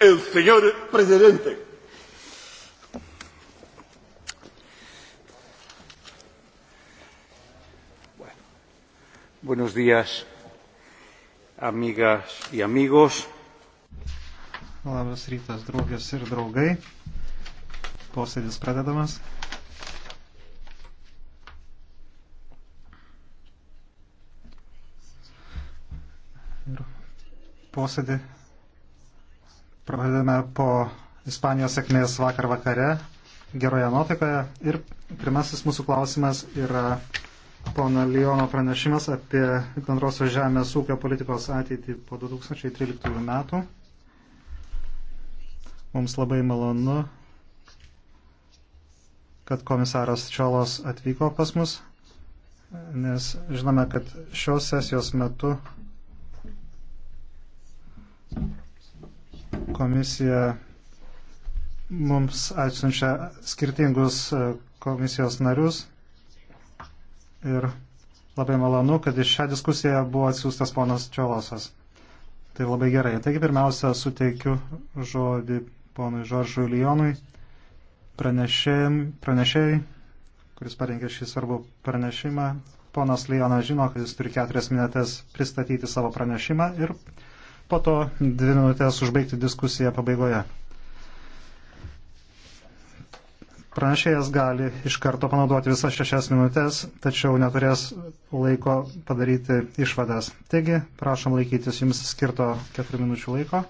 el señor presidente. Bueno, buenos días, amigas y amigos. Labas rytas, draugės ir draugai. Posėdis pradedamas. Ir posėdį Pradedame po Ispanijos sėkmės vakar vakare, geroje nuotaikoje. Ir pirmasis mūsų klausimas yra pono Liono pranešimas apie bendrosios žemės ūkio politikos ateitį po 2013 metų. Mums labai malonu, kad komisaras Čiolos atvyko pas mus, nes žinome, kad šios sesijos metu Komisija mums atsiunčia skirtingus e, komisijos narius ir labai malonu, kad iš šią diskusiją buvo atsiųstas ponas Čiolosas. Tai labai gerai. Taigi pirmiausia, suteikiu žodį ponui Žoržui Lijonui, pranešėjai, kuris parengė šį svarbų pranešimą. Ponas Lijonas žino, kad jis turi keturias minutės pristatyti savo pranešimą ir po to dvi minutės užbaigti diskusiją pabaigoje. Pranešėjas gali iš karto panaudoti visas šešias minutės, tačiau neturės laiko padaryti išvadas. Taigi, prašom laikytis jums skirto keturių minučių laiko.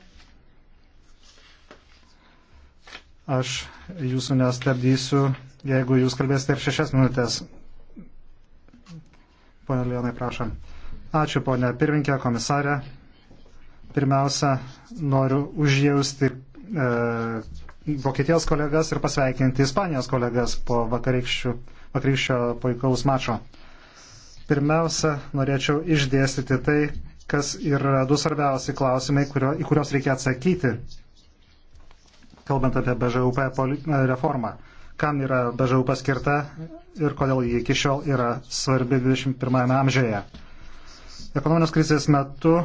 Aš jūsų nestabdysiu, jeigu jūs kalbėsite ir šešias minutės. Pone Lionai, prašom. Ačiū, ponė pirminkė, komisarė. Pirmiausia, noriu užjausti e, Vokietijos kolegas ir pasveikinti Ispanijos kolegas po vakarykščio puikaus mačo. Pirmiausia, norėčiau išdėstyti tai, kas yra du svarbiausi klausimai, kurio, į kuriuos reikia atsakyti, kalbant apie BŽUP e, reformą. Kam yra BŽUP skirta ir kodėl ji iki šiol yra svarbi 21 amžiuje. Ekonominės krizės metu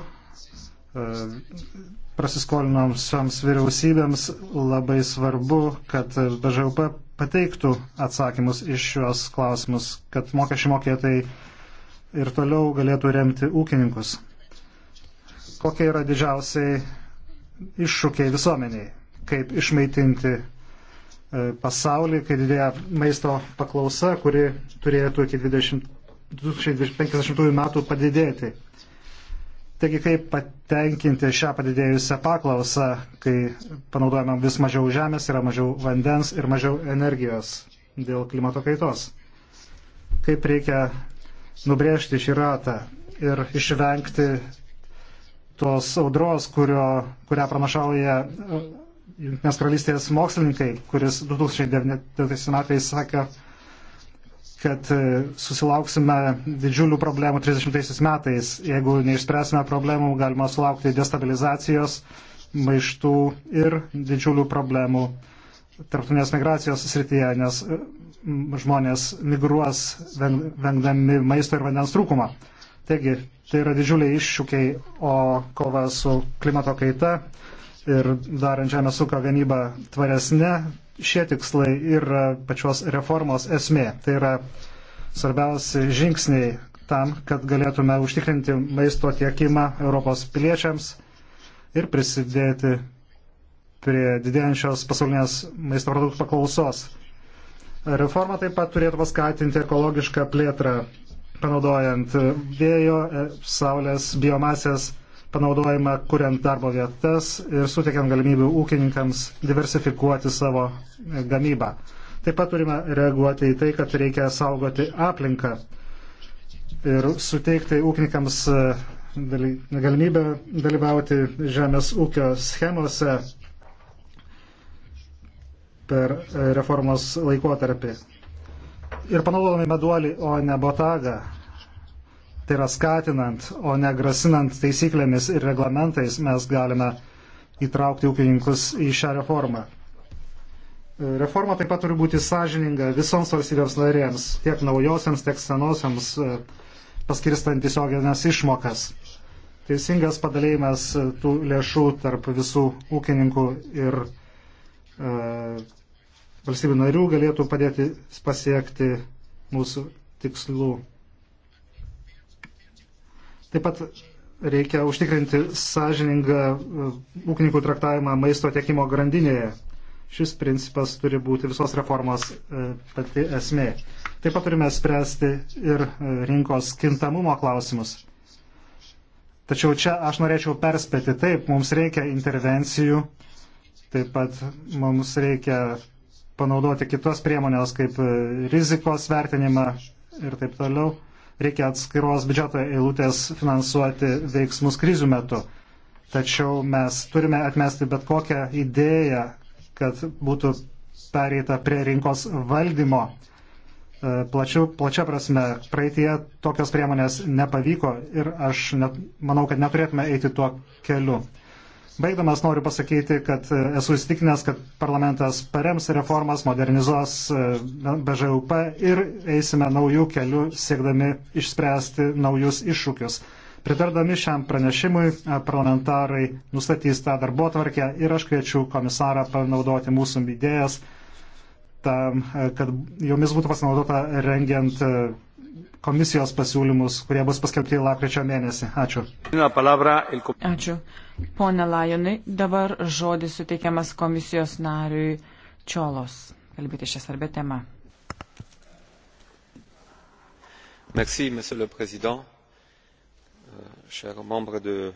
prasiskolinomsioms vyriausybėms labai svarbu, kad BŽUP pateiktų atsakymus iš šios klausimus, kad mokesčių mokėtai ir toliau galėtų remti ūkininkus. Kokie yra didžiausiai iššūkiai visuomeniai? Kaip išmaitinti e, pasaulį, kai didėja maisto paklausa, kuri turėtų iki 20, 2050 metų padidėti? Taigi kaip patenkinti šią padidėjusią paklausą, kai panaudojame vis mažiau žemės, yra mažiau vandens ir mažiau energijos dėl klimato kaitos. Kaip reikia nubrėžti šį ratą ir išvengti tos audros, kurio, kurią pranašauja uh, Junktinės karalystės mokslininkai, kuris 2009 metais sakė, kad e, susilauksime didžiulių problemų 30 metais. Jeigu neišspręsime problemų, galima sulaukti destabilizacijos, maištų ir didžiulių problemų tarptautinės migracijos srityje, nes e, žmonės migruos vengdami maisto ir vandens trūkumą. Taigi, tai yra didžiuliai iššūkiai, o kova su klimato kaita ir darant žemės ūkio gamybą tvaresnė šie tikslai yra pačios reformos esmė. Tai yra svarbiausi žingsniai tam, kad galėtume užtikrinti maisto tiekimą Europos piliečiams ir prisidėti prie didėjančios pasaulinės maisto produktų paklausos. Reforma taip pat turėtų paskatinti ekologišką plėtrą, panaudojant vėjo, e, saulės, biomasės panaudojimą kuriant darbo vietas ir suteikiant galimybių ūkininkams diversifikuoti savo e, gamybą. Taip pat turime reaguoti į tai, kad reikia saugoti aplinką ir suteikti ūkininkams e, galimybę dalyvauti žemės ūkio schemose per e, reformos laikotarpį. Ir panaudodami meduolį, o ne botagą, tai yra skatinant, o ne grasinant taisyklėmis ir reglamentais, mes galime įtraukti ūkininkus į šią reformą. Reforma taip pat turi būti sąžininga visoms valstybėms narėms, tiek naujosiams, tiek senosiams, paskirstant tiesioginės išmokas. Teisingas padalėjimas tų lėšų tarp visų ūkininkų ir e, valstybių narių galėtų padėti pasiekti mūsų tikslų Taip pat reikia užtikrinti sąžiningą uh, ūkininkų traktavimą maisto tiekimo grandinėje. Šis principas turi būti visos reformos uh, pati esmė. Taip pat turime spręsti ir uh, rinkos kintamumo klausimus. Tačiau čia aš norėčiau perspėti, taip, mums reikia intervencijų, taip pat mums reikia panaudoti kitos priemonės kaip rizikos vertinimą ir taip toliau reikia atskiros biudžeto eilutės finansuoti veiksmus krizių metu. Tačiau mes turime atmesti bet kokią idėją, kad būtų pereita prie rinkos valdymo. E, plačiu, plačia prasme, praeitie tokios priemonės nepavyko ir aš net, manau, kad neturėtume eiti tuo keliu. Baigdamas noriu pasakyti, kad e, esu įstikinęs, kad parlamentas parems reformas, modernizuos e, BŽUP ir eisime naujų kelių, siekdami išspręsti naujus iššūkius. Pritardami šiam pranešimui, e, parlamentarai nustatys tą darbo tvarkę ir aš kviečiu komisarą panaudoti mūsų idėjas, tam, kad jomis būtų pasinaudota rengiant komisijos pasiūlymus, kurie bus paskelbti lapkričio mėnesį. Ačiū. Ačiū. Pone Lajonai, dabar žodis suteikiamas komisijos nariui Čiolos. Kalbėti šią svarbę temą. Merci, monsieur le président. Euh,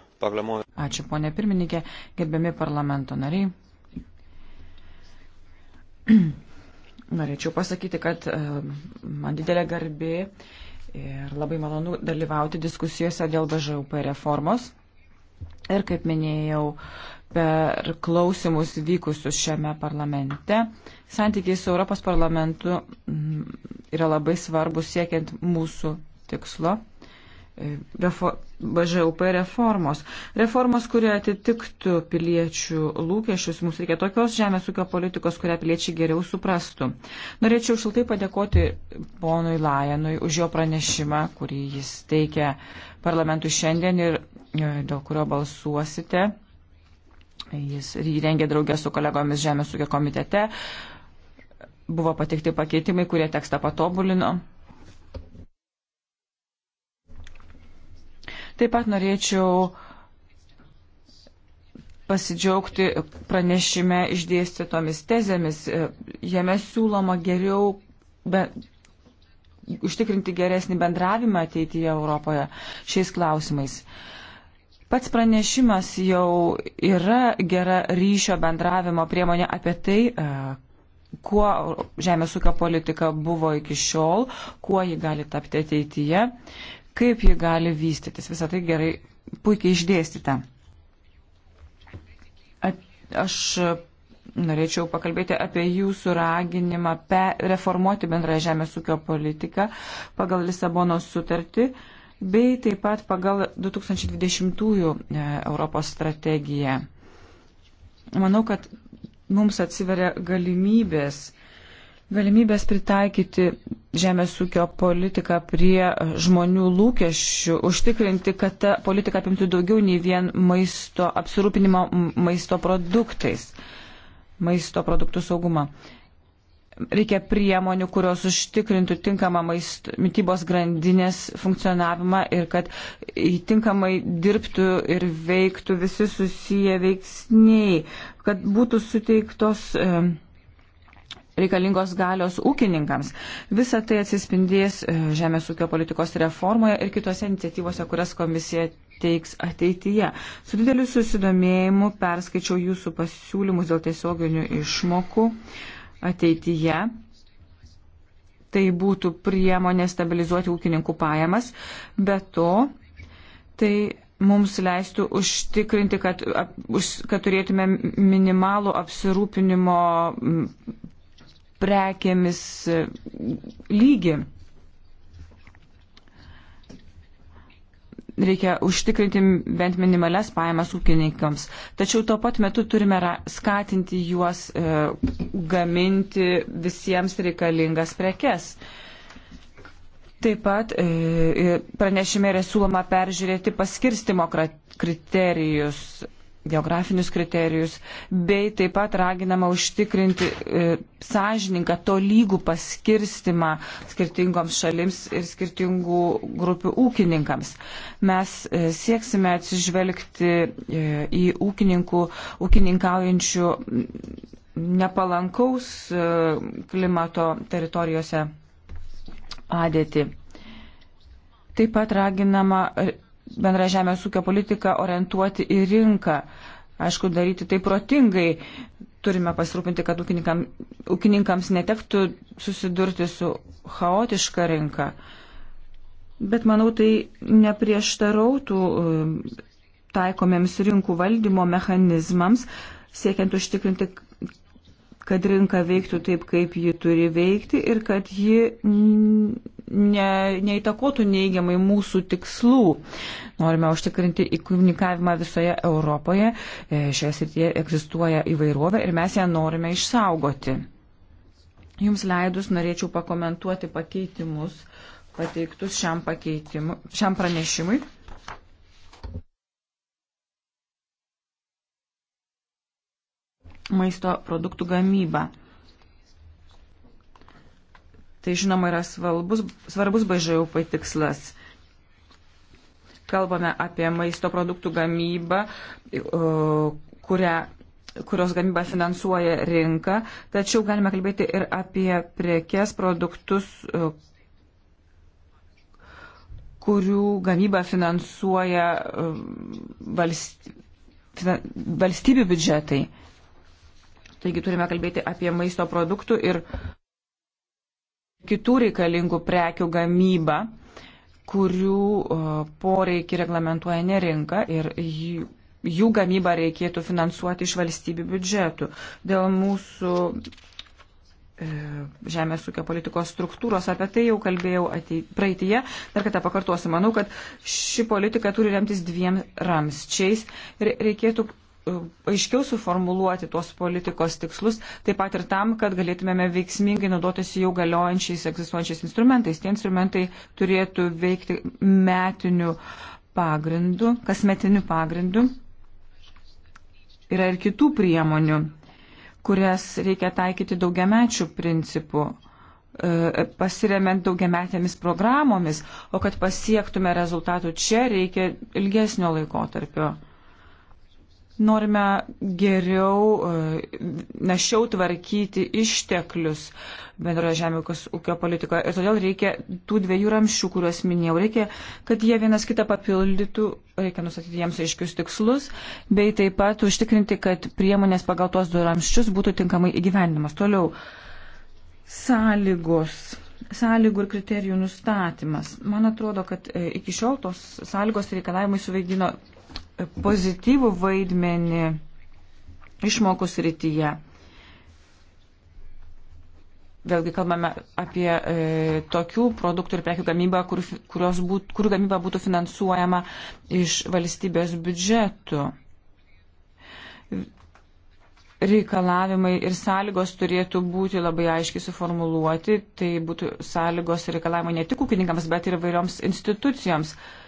Ačiū, ponė pirmininkė, gerbiami parlamento nariai. Norėčiau pasakyti, kad e, man didelė garbė ir labai malonu dalyvauti diskusijose dėl BŽUP reformos. Ir kaip minėjau, per klausimus vykusius šiame parlamente, santykiai su Europos parlamentu yra labai svarbus siekiant mūsų tikslo. BŽUP reformos. Reformos, kurie atitiktų piliečių lūkesčius, mums reikia tokios žemės ūkio politikos, kurią piliečiai geriau suprastų. Norėčiau šiltai padėkoti ponui Lajanui už jo pranešimą, kurį jis teikia parlamentui šiandien ir e, dėl kurio balsuosite. Jis jį rengė draugę su kolegomis Žemės ūkio komitete. Buvo patikti pakeitimai, kurie tekstą patobulino. Taip pat norėčiau pasidžiaugti pranešime išdėstytomis tezėmis. Jame siūloma geriau be, užtikrinti geresnį bendravimą ateityje Europoje šiais klausimais. Pats pranešimas jau yra gera ryšio bendravimo priemonė apie tai, e, kuo žemės ūkio politika buvo iki šiol, kuo ji gali tapti ateityje kaip ji gali vystytis. Visą tai gerai, puikiai išdėstyta. Aš norėčiau pakalbėti apie jūsų raginimą pe, reformuoti bendrą žemės ūkio politiką pagal Lisabonos sutartį bei taip pat pagal 2020-ųjų e, Europos strategiją. Manau, kad mums atsiveria galimybės galimybės pritaikyti žemės ūkio politiką prie žmonių lūkesčių, užtikrinti, kad ta politika apimtų daugiau nei vien maisto, apsirūpinimo maisto produktais, maisto produktų saugumą. Reikia priemonių, kurios užtikrintų tinkamą maisto, mytybos grandinės funkcionavimą ir kad tinkamai dirbtų ir veiktų visi susiję veiksniai, kad būtų suteiktos. E, reikalingos galios ūkininkams. Visa tai atsispindės e, žemės ūkio politikos reformoje ir kitose iniciatyvose, kurias komisija teiks ateityje. Su dideliu susidomėjimu perskaičiau jūsų pasiūlymus dėl tiesioginių išmokų ateityje tai būtų priemonė stabilizuoti ūkininkų pajamas, bet to tai mums leistų užtikrinti, kad, kad turėtume minimalų apsirūpinimo prekėmis e, lygį. Reikia užtikrinti bent minimales pajamas ūkininkams. Tačiau tuo pat metu turime skatinti juos e, gaminti visiems reikalingas prekes. Taip pat e, e pranešime yra siūloma peržiūrėti paskirstimo kriterijus geografinius kriterijus, bei taip pat raginama užtikrinti e, sąžininką tolygų paskirstimą skirtingoms šalims ir skirtingų grupių ūkininkams. Mes e, sieksime atsižvelgti e, į ūkininkų, ūkininkaujančių nepalankaus e, klimato teritorijose padėtį. Taip pat raginama e, bendrą žemės ūkio politiką orientuoti į rinką. Aišku, daryti tai protingai. Turime pasirūpinti, kad ūkininkam, ūkininkams netektų susidurti su chaotiška rinka. Bet manau, tai neprieštarautų um, taikomiems rinkų valdymo mechanizmams, siekiant užtikrinti, kad rinka veiktų taip, kaip ji turi veikti ir kad ji ne, neįtakotų neigiamai mūsų tikslų. Norime užtikrinti įkūnikavimą visoje Europoje. E, šioje srityje egzistuoja įvairovė ir mes ją norime išsaugoti. Jums leidus norėčiau pakomentuoti pakeitimus pateiktus šiam, šiam pranešimui. Maisto produktų gamyba. Tai žinoma yra svalbus, svarbus BŽUP tikslas. Kalbame apie maisto produktų gamybą, kurią kurios gamybą finansuoja rinka, tačiau galime kalbėti ir apie prekes, produktus, kurių gamybą finansuoja valstybių biudžetai. Taigi turime kalbėti apie maisto produktų ir kitų reikalingų prekių gamybą, kurių poreikį reglamentuoja ne rinka ir jų, jų gamybą reikėtų finansuoti iš valstybių biudžetų. Dėl mūsų e, žemės ūkio politikos struktūros, apie tai jau kalbėjau atei, praeitie, dar kartą pakartosiu, manau, kad ši politika turi remtis dviem ramsčiais ir reikėtų aiškiau suformuluoti tuos politikos tikslus, taip pat ir tam, kad galėtumėme veiksmingai naudotis jau galiojančiais egzistuojančiais instrumentais. Tie instrumentai turėtų veikti metiniu pagrindu, kasmetiniu pagrindu. Yra ir kitų priemonių, kurias reikia taikyti daugiamečių principų e, pasiremiant daugiametėmis programomis, o kad pasiektume rezultatų čia reikia ilgesnio laikotarpio. Norime geriau, e, našiau tvarkyti išteklius bendroje žemėkos ūkio politikoje. Ir todėl reikia tų dviejų ramščių, kuriuos minėjau. Reikia, kad jie vienas kitą papildytų, reikia nustatyti jiems aiškius tikslus, bei taip pat užtikrinti, kad priemonės pagal tuos du ramščius būtų tinkamai įgyvendinamas. Toliau, sąlygos sąlygų ir kriterijų nustatymas. Man atrodo, kad e, iki šiol tos sąlygos reikalavimai suvaidino pozityvų vaidmenį išmokų srityje. Vėlgi kalbame apie e, tokių produktų ir prekių gamybą, kur, būt, kurių gamyba būtų finansuojama iš valstybės biudžetų. Reikalavimai ir sąlygos turėtų būti labai aiškiai suformuluoti. Tai būtų sąlygos ir reikalavimai ne tik ūkininkams, bet ir vairioms institucijoms. E,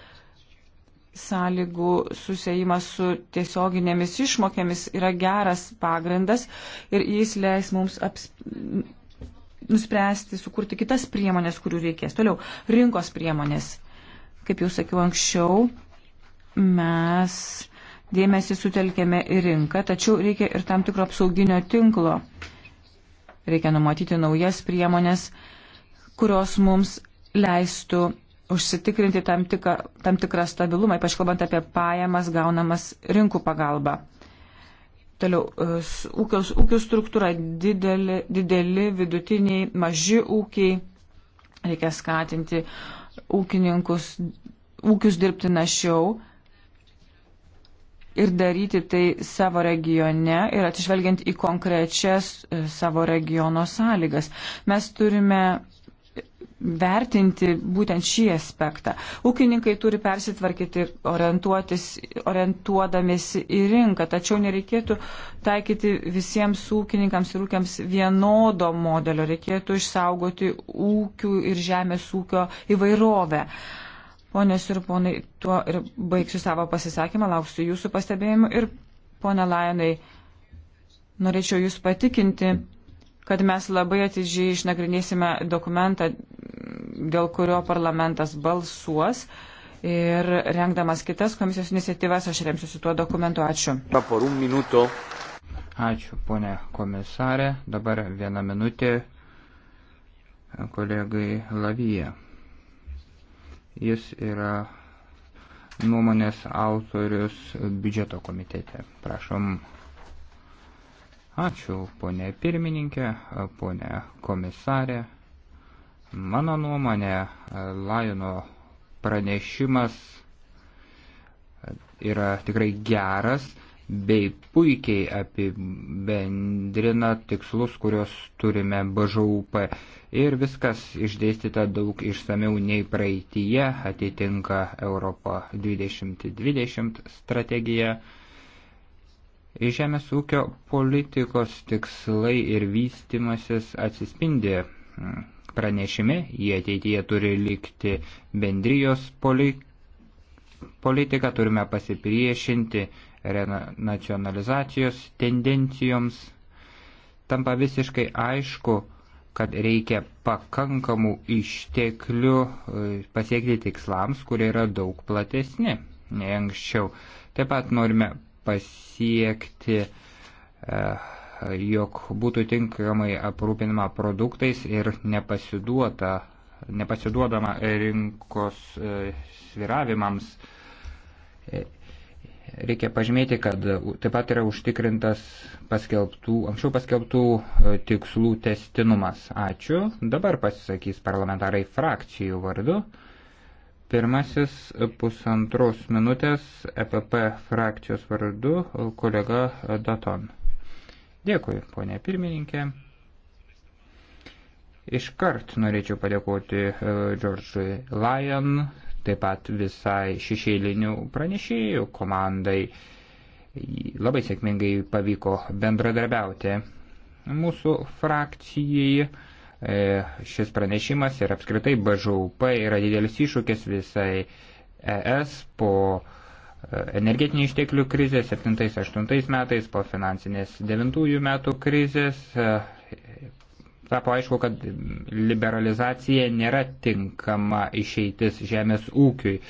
sąlygų susijimas su tiesioginėmis išmokėmis yra geras pagrindas ir jis leis mums aps... nuspręsti, sukurti kitas priemonės, kurių reikės. Toliau, rinkos priemonės. Kaip jau sakiau anksčiau, mes dėmesį sutelkėme į rinką, tačiau reikia ir tam tikro apsauginio tinklo. Reikia numatyti naujas priemonės, kurios mums leistų užsitikrinti tam, tika, tam tikrą stabilumą, ypač kalbant apie pajamas gaunamas rinkų pagalba. Toliau, e, ūkios, ūkių struktūra dideli, dideli, vidutiniai, maži ūkiai. Reikia skatinti ūkininkus, ūkius dirbti našiau ir daryti tai savo regione ir atsižvelgiant į konkrečias e, savo regiono sąlygas. Mes turime vertinti būtent šį aspektą. Ūkininkai turi persitvarkyti ir orientuotis, orientuodamėsi į rinką, tačiau nereikėtų taikyti visiems ūkininkams ir ūkiams vienodo modelio, reikėtų išsaugoti ūkių ir žemės ūkio įvairovę. Ponės ir ponai, tuo ir baigsiu savo pasisakymą, lauksiu jūsų pastebėjimų ir, pone Lajonai, norėčiau jūs patikinti, kad mes labai atidžiai išnagrinėsime dokumentą, dėl kurio parlamentas balsuos. Ir rengdamas kitas komisijos iniciatyvas, aš remsiu su tuo dokumentu. Ačiū. Ačiū, ponė komisarė. Dabar viena minutė kolegai Lavyje. Jis yra nuomonės autorius biudžeto komitete. Prašom Ačiū, ponė pirmininkė, ponė komisarė. Mano nuomonė, Lajono pranešimas yra tikrai geras bei puikiai apibendrina tikslus, kuriuos turime BŽUP. Ir viskas išdėstyta daug išsameu nei praeitįje, atitinka Europą 2020 strategiją. Žemės ūkio politikos tikslai ir vystimasis atsispindi mm, pranešime, jie ateityje turi likti bendrijos politiką, turime pasipriešinti renacionalizacijos tendencijoms. Tampa visiškai aišku, kad reikia pakankamų išteklių e, pasiekti tikslams, kurie yra daug platesni nei anksčiau. Taip pat norime pasiekti, eh, jog būtų tinkamai aprūpinama produktais ir nepasiduota, nepasiduodama rinkos eh, sviravimams. Eh, reikia pažymėti, kad taip pat yra užtikrintas paskelbtų, anksčiau paskelbtų tikslų testinumas. Ačiū. Dabar pasisakys parlamentarai frakcijų vardu. Pirmasis pusantros minutės EPP frakcijos vardu kolega Daton. Dėkui, ponė pirmininkė. Iškart norėčiau padėkoti Džordžui e, Lyon, taip pat visai šešėlinių pranešėjų komandai. Labai sėkmingai pavyko bendradarbiauti mūsų frakcijai E, šis pranešimas ir apskritai BŽUP yra didelis iššūkis visai ES po e, energetinių išteklių krizės 7-8 metais, po finansinės 9 metų krizės. E, tapo aišku, kad liberalizacija nėra tinkama išeitis žemės ūkiui.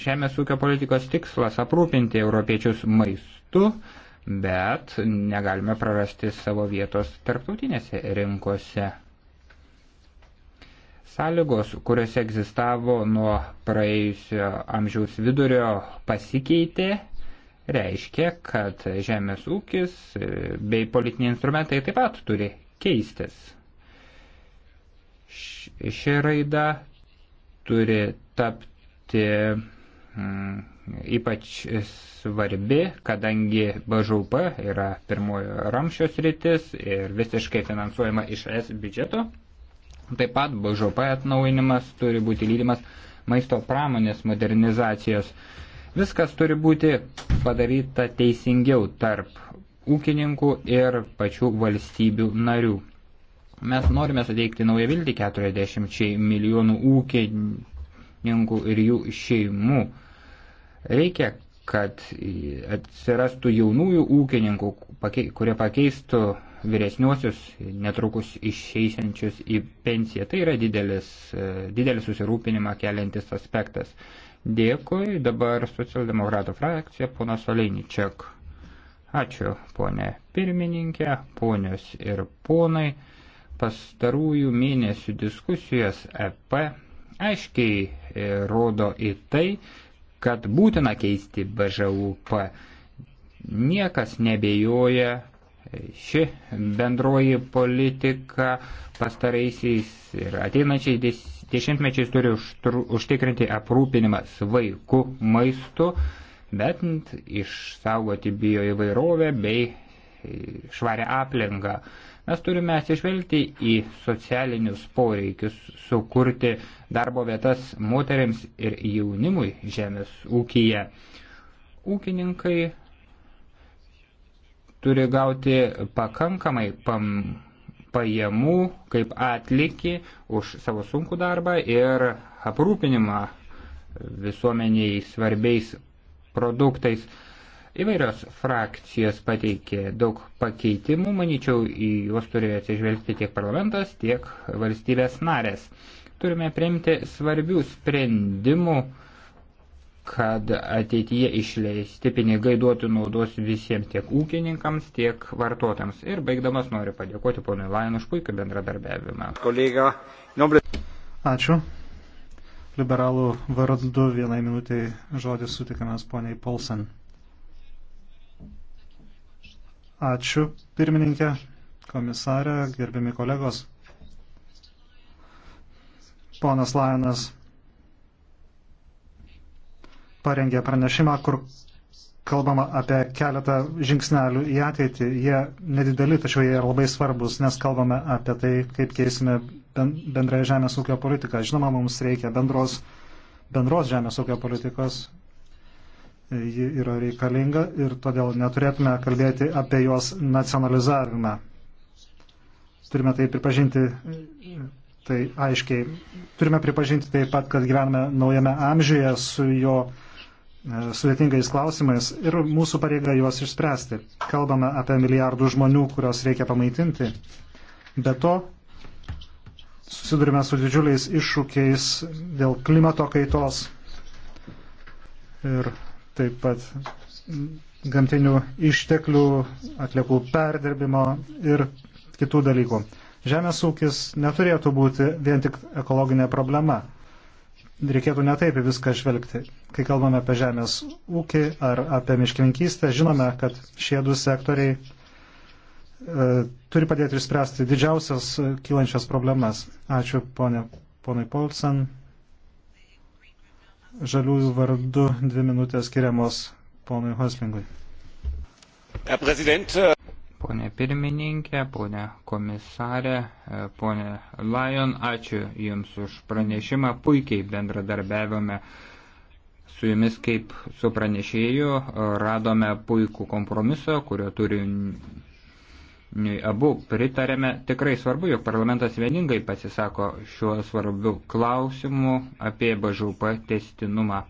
Žemės ūkio politikos tikslas aprūpinti europiečius maistu, bet negalime prarasti savo vietos tarptautinėse rinkose. Sąlygos, kuriuose egzistavo nuo praėjusio amžiaus vidurio, pasikeitė, reiškia, kad žemės ūkis e, bei politiniai instrumentai taip pat turi keistis. Ši raida turi tapti mm, ypač svarbi, kadangi BŽUP yra pirmojo ramščios rytis ir visiškai finansuojama iš S biudžeto. Taip pat BŽP atnaujinimas turi būti lydimas maisto pramonės modernizacijos. Viskas turi būti padaryta teisingiau tarp ūkininkų ir pačių valstybių narių. Mes norime suteikti naują viltį 40 milijonų ūkininkų ir jų šeimų. Reikia, kad atsirastų jaunųjų ūkininkų, kurie pakeistų vyresniuosius, netrukus išeisiančius į pensiją. Tai yra didelis, e, didelis susirūpinimą keliantis aspektas. Dėkui, dabar socialdemokratų frakcija, pona Soliničiak. Ačiū, ponė pirmininkė, ponios ir ponai. Pastarųjų mėnesių diskusijos EP aiškiai e, rodo į tai, kad būtina keisti BŽUP niekas nebejoja Ši bendroji politika pastaraisiais ir ateinančiais dešimtmečiais turi užtikrinti aprūpinimą svaiku maistu, bet išsaugoti bioįvairovę bei e, švarę aplinką. Mes turime atsižvelgti į socialinius poreikius, sukurti darbo vietas moteriams ir jaunimui žemės ūkija. Ūkininkai turi gauti pakankamai pam, pajamų kaip atlikį už savo sunkų darbą ir aprūpinimą visuomeniai svarbiais produktais. Įvairios frakcijos pateikė daug pakeitimų, manyčiau, į juos turėjo atsižvelgti tiek parlamentas, tiek valstybės narės. Turime priimti svarbių sprendimų, uh, kad ateityje išleisti pinigai duotų naudos visiems tiek ūkininkams, tiek vartotams. Ir baigdamas noriu padėkoti ponui Lajon už puikų bendradarbiavimą. Kolega, nobre... Ačiū. Liberalų vardu vienai minutiai žodis sutikimas poniai Polsen. Ačiū, pirmininkė, komisarė, gerbiami kolegos. Ponas Lajonas parengė pranešimą, kur kalbama apie keletą žingsnelių į ateitį. Jie nedideli, tačiau jie yra labai svarbus, nes kalbame apie tai, kaip keisime bendrąją žemės ūkio politiką. Žinoma, mums reikia bendros, bendros žemės ūkio politikos. Ji yra reikalinga ir todėl neturėtume kalbėti apie jos nacionalizavimą. Turime tai pripažinti tai aiškiai. Turime pripažinti taip pat, kad gyvename naujame amžiuje su jo E, sudėtingais klausimais ir mūsų pareiga juos išspręsti. Kalbame apie milijardų žmonių, kurios reikia pamaitinti. Be to, susidurime su didžiuliais iššūkiais dėl klimato kaitos ir taip pat gamtinių išteklių, atliekų perdirbimo ir kitų dalykų. Žemės ūkis neturėtų būti vien tik ekologinė problema reikėtų netaip į viską žvelgti. Kai kalbame apie žemės ūkį ar apie miškininkystę, žinome, kad šie du sektoriai e, turi padėti išspręsti didžiausias e, kylančias problemas. Ačiū ponė, ponai Polsen. Žaliųjų vardu dvi minutės skiriamos ponui Hoslingui. Herr Präsident! Äh, ponė pirmininkė, ponė komisarė, e, ponė Lion, ačiū Jums už pranešimą, puikiai bendradarbiavome su Jumis kaip su pranešėju, radome puikų kompromisą, kurio turi abu pritarėme. Tikrai svarbu, jog parlamentas vieningai pasisako šiuo svarbiu klausimu apie BŽP testinumą.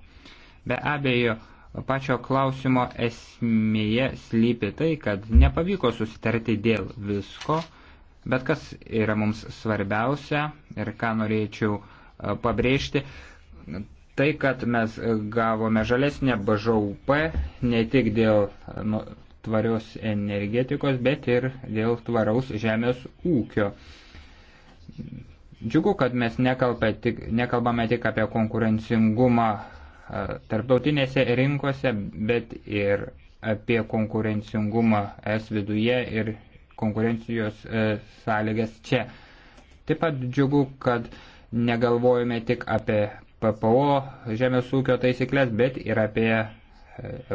Be abejo, pačio klausimo esmėje slypi tai, kad nepavyko susitarti dėl visko, bet kas yra mums svarbiausia ir ką norėčiau e, pabrėžti, tai, kad mes gavome žalesnę BŽUP ne tik dėl e, nu, tvarios energetikos, bet ir dėl tvaraus žemės ūkio. Džiugu, kad mes nekalbame tik, nekalbame tik apie konkurencingumą tarptautinėse rinkose, bet ir apie konkurencingumą es viduje ir konkurencijos e, sąlygas čia. Taip pat džiugu, kad negalvojame tik apie PPO žemės ūkio taisyklės, bet ir apie e,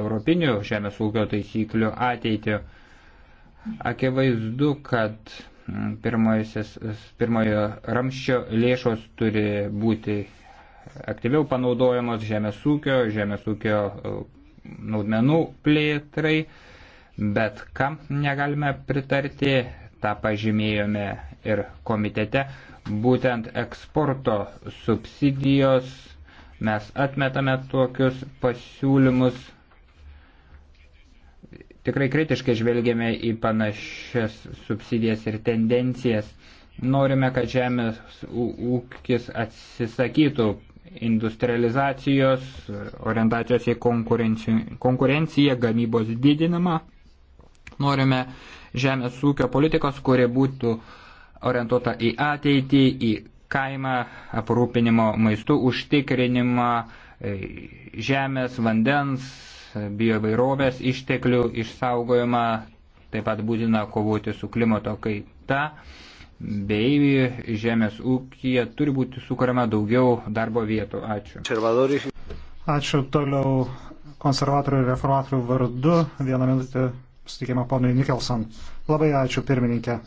europinių žemės ūkio taisyklių ateitį. Akivaizdu, kad pirmojo ramščio lėšos turi būti aktyviau panaudojamos žemės ūkio, žemės ūkio e, naudmenų plėtrai, bet kam negalime pritarti, tą pažymėjome ir komitete, būtent eksporto subsidijos, mes atmetame tokius pasiūlymus, tikrai kritiškai žvelgėme į panašias subsidijas ir tendencijas. Norime, kad žemės ūkis atsisakytų industrializacijos, orientacijos į konkurenciją, gamybos didinimą. Norime žemės ūkio politikos, kuri būtų orientuota į ateitį, į kaimą, aprūpinimo maistų užtikrinimą, e, žemės, vandens, biovairovės išteklių išsaugojimą, taip pat būtina kovoti su klimato kaita bei žemės ūkija turi būti sukuriama daugiau darbo vietų. Ačiū. Ačiū toliau konservatorių ir reformatorių vardu. Vieną minutę sutikėme ponui Nikelson. Labai ačiū pirmininkė.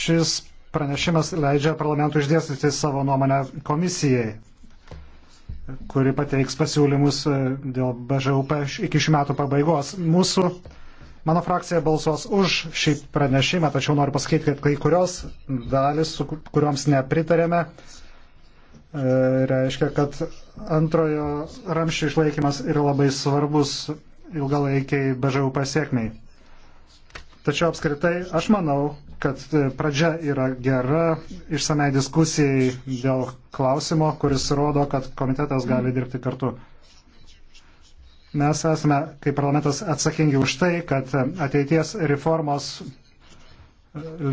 Šis pranešimas leidžia parlamentui išdėstyti savo nuomonę komisijai, kuri pateiks pasiūlymus e, dėl BŽUP iki šių metų pabaigos. Mūsų Mano frakcija balsuos už šį pranešimą, tačiau noriu pasakyti, kad kai kurios dalis, su kuriuoms nepritarėme, e, reiškia, kad antrojo ramščio išlaikymas yra labai svarbus ilgalaikiai bežau pasiekmei. Tačiau apskritai aš manau, kad e, pradžia yra gera išsamei diskusijai dėl klausimo, kuris rodo, kad komitetas gali dirbti kartu. Mes esame, kaip parlamentas, atsakingi už tai, kad ateities reformos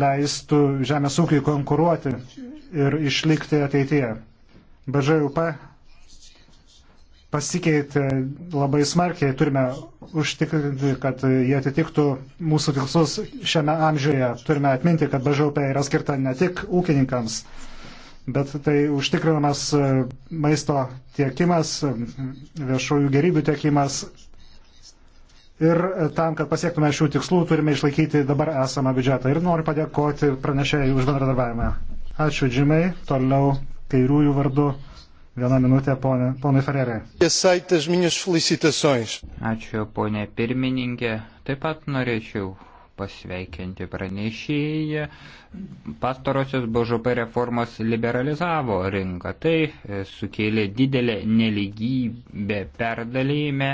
leistų žemės ūkiai konkuruoti ir išlikti ateityje. BŽUP pasikeitė labai smarkiai, turime užtikrinti, kad jie atitiktų mūsų tikslus šiame amžiuje. Turime atminti, kad BŽUP yra skirta ne tik ūkininkams, bet tai užtikrinamas e, maisto tiekimas, viešųjų gerybių tiekimas. Ir e, tam, kad pasiektume šių tikslų, turime išlaikyti dabar esamą biudžetą. Ir noriu padėkoti pranešėjai už bendradarbiavimą. Ačiū, Džimai. Toliau kairiųjų vardu. Vieną minutę, ponė, ponai Ferrerai. Ačiū, ponė pirmininkė. Taip pat norėčiau pasveikinti pranešėjai. Pastarosios BŽP reformos liberalizavo rinką. Tai e, sukėlė didelę neligybę perdalėjime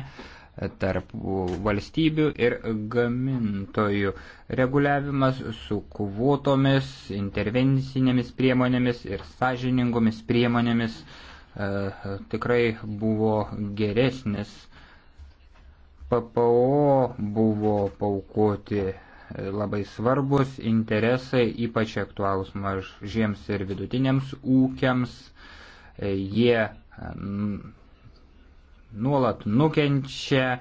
tarp valstybių ir gamintojų. Reguliavimas su kvotomis, intervencinėmis priemonėmis ir sąžiningomis priemonėmis e, tikrai buvo geresnis. PPO buvo paukoti labai svarbus interesai, ypač aktualūs mažiems ir vidutiniams ūkiams. Jie mm, nuolat nukenčia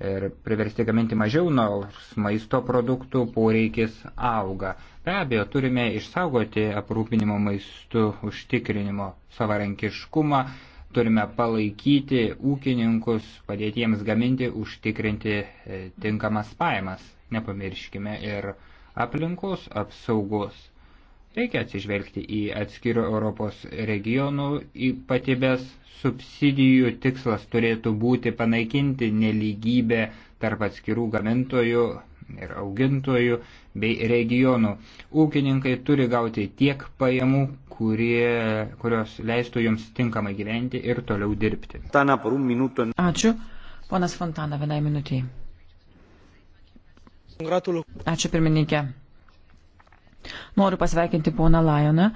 ir priversti gaminti mažiau, nors maisto produktų poreikis auga. Be abejo, turime išsaugoti aprūpinimo maistu užtikrinimo savarankiškumą, turime palaikyti ūkininkus, padėti jiems gaminti, užtikrinti e, tinkamas pajamas nepamirškime ir aplinkos apsaugos. Reikia atsižvelgti į atskirų Europos regionų ypatybės. Subsidijų tikslas turėtų būti panaikinti neligybę tarp atskirų gamintojų ir augintojų bei regionų. Ūkininkai turi gauti tiek pajamų, kurie, kurios leistų jums tinkamai gyventi ir toliau dirbti. Ačiū. Ponas Fontana, vienai minutiai. Ačiū pirmininkė. Noriu pasveikinti poną Lajoną,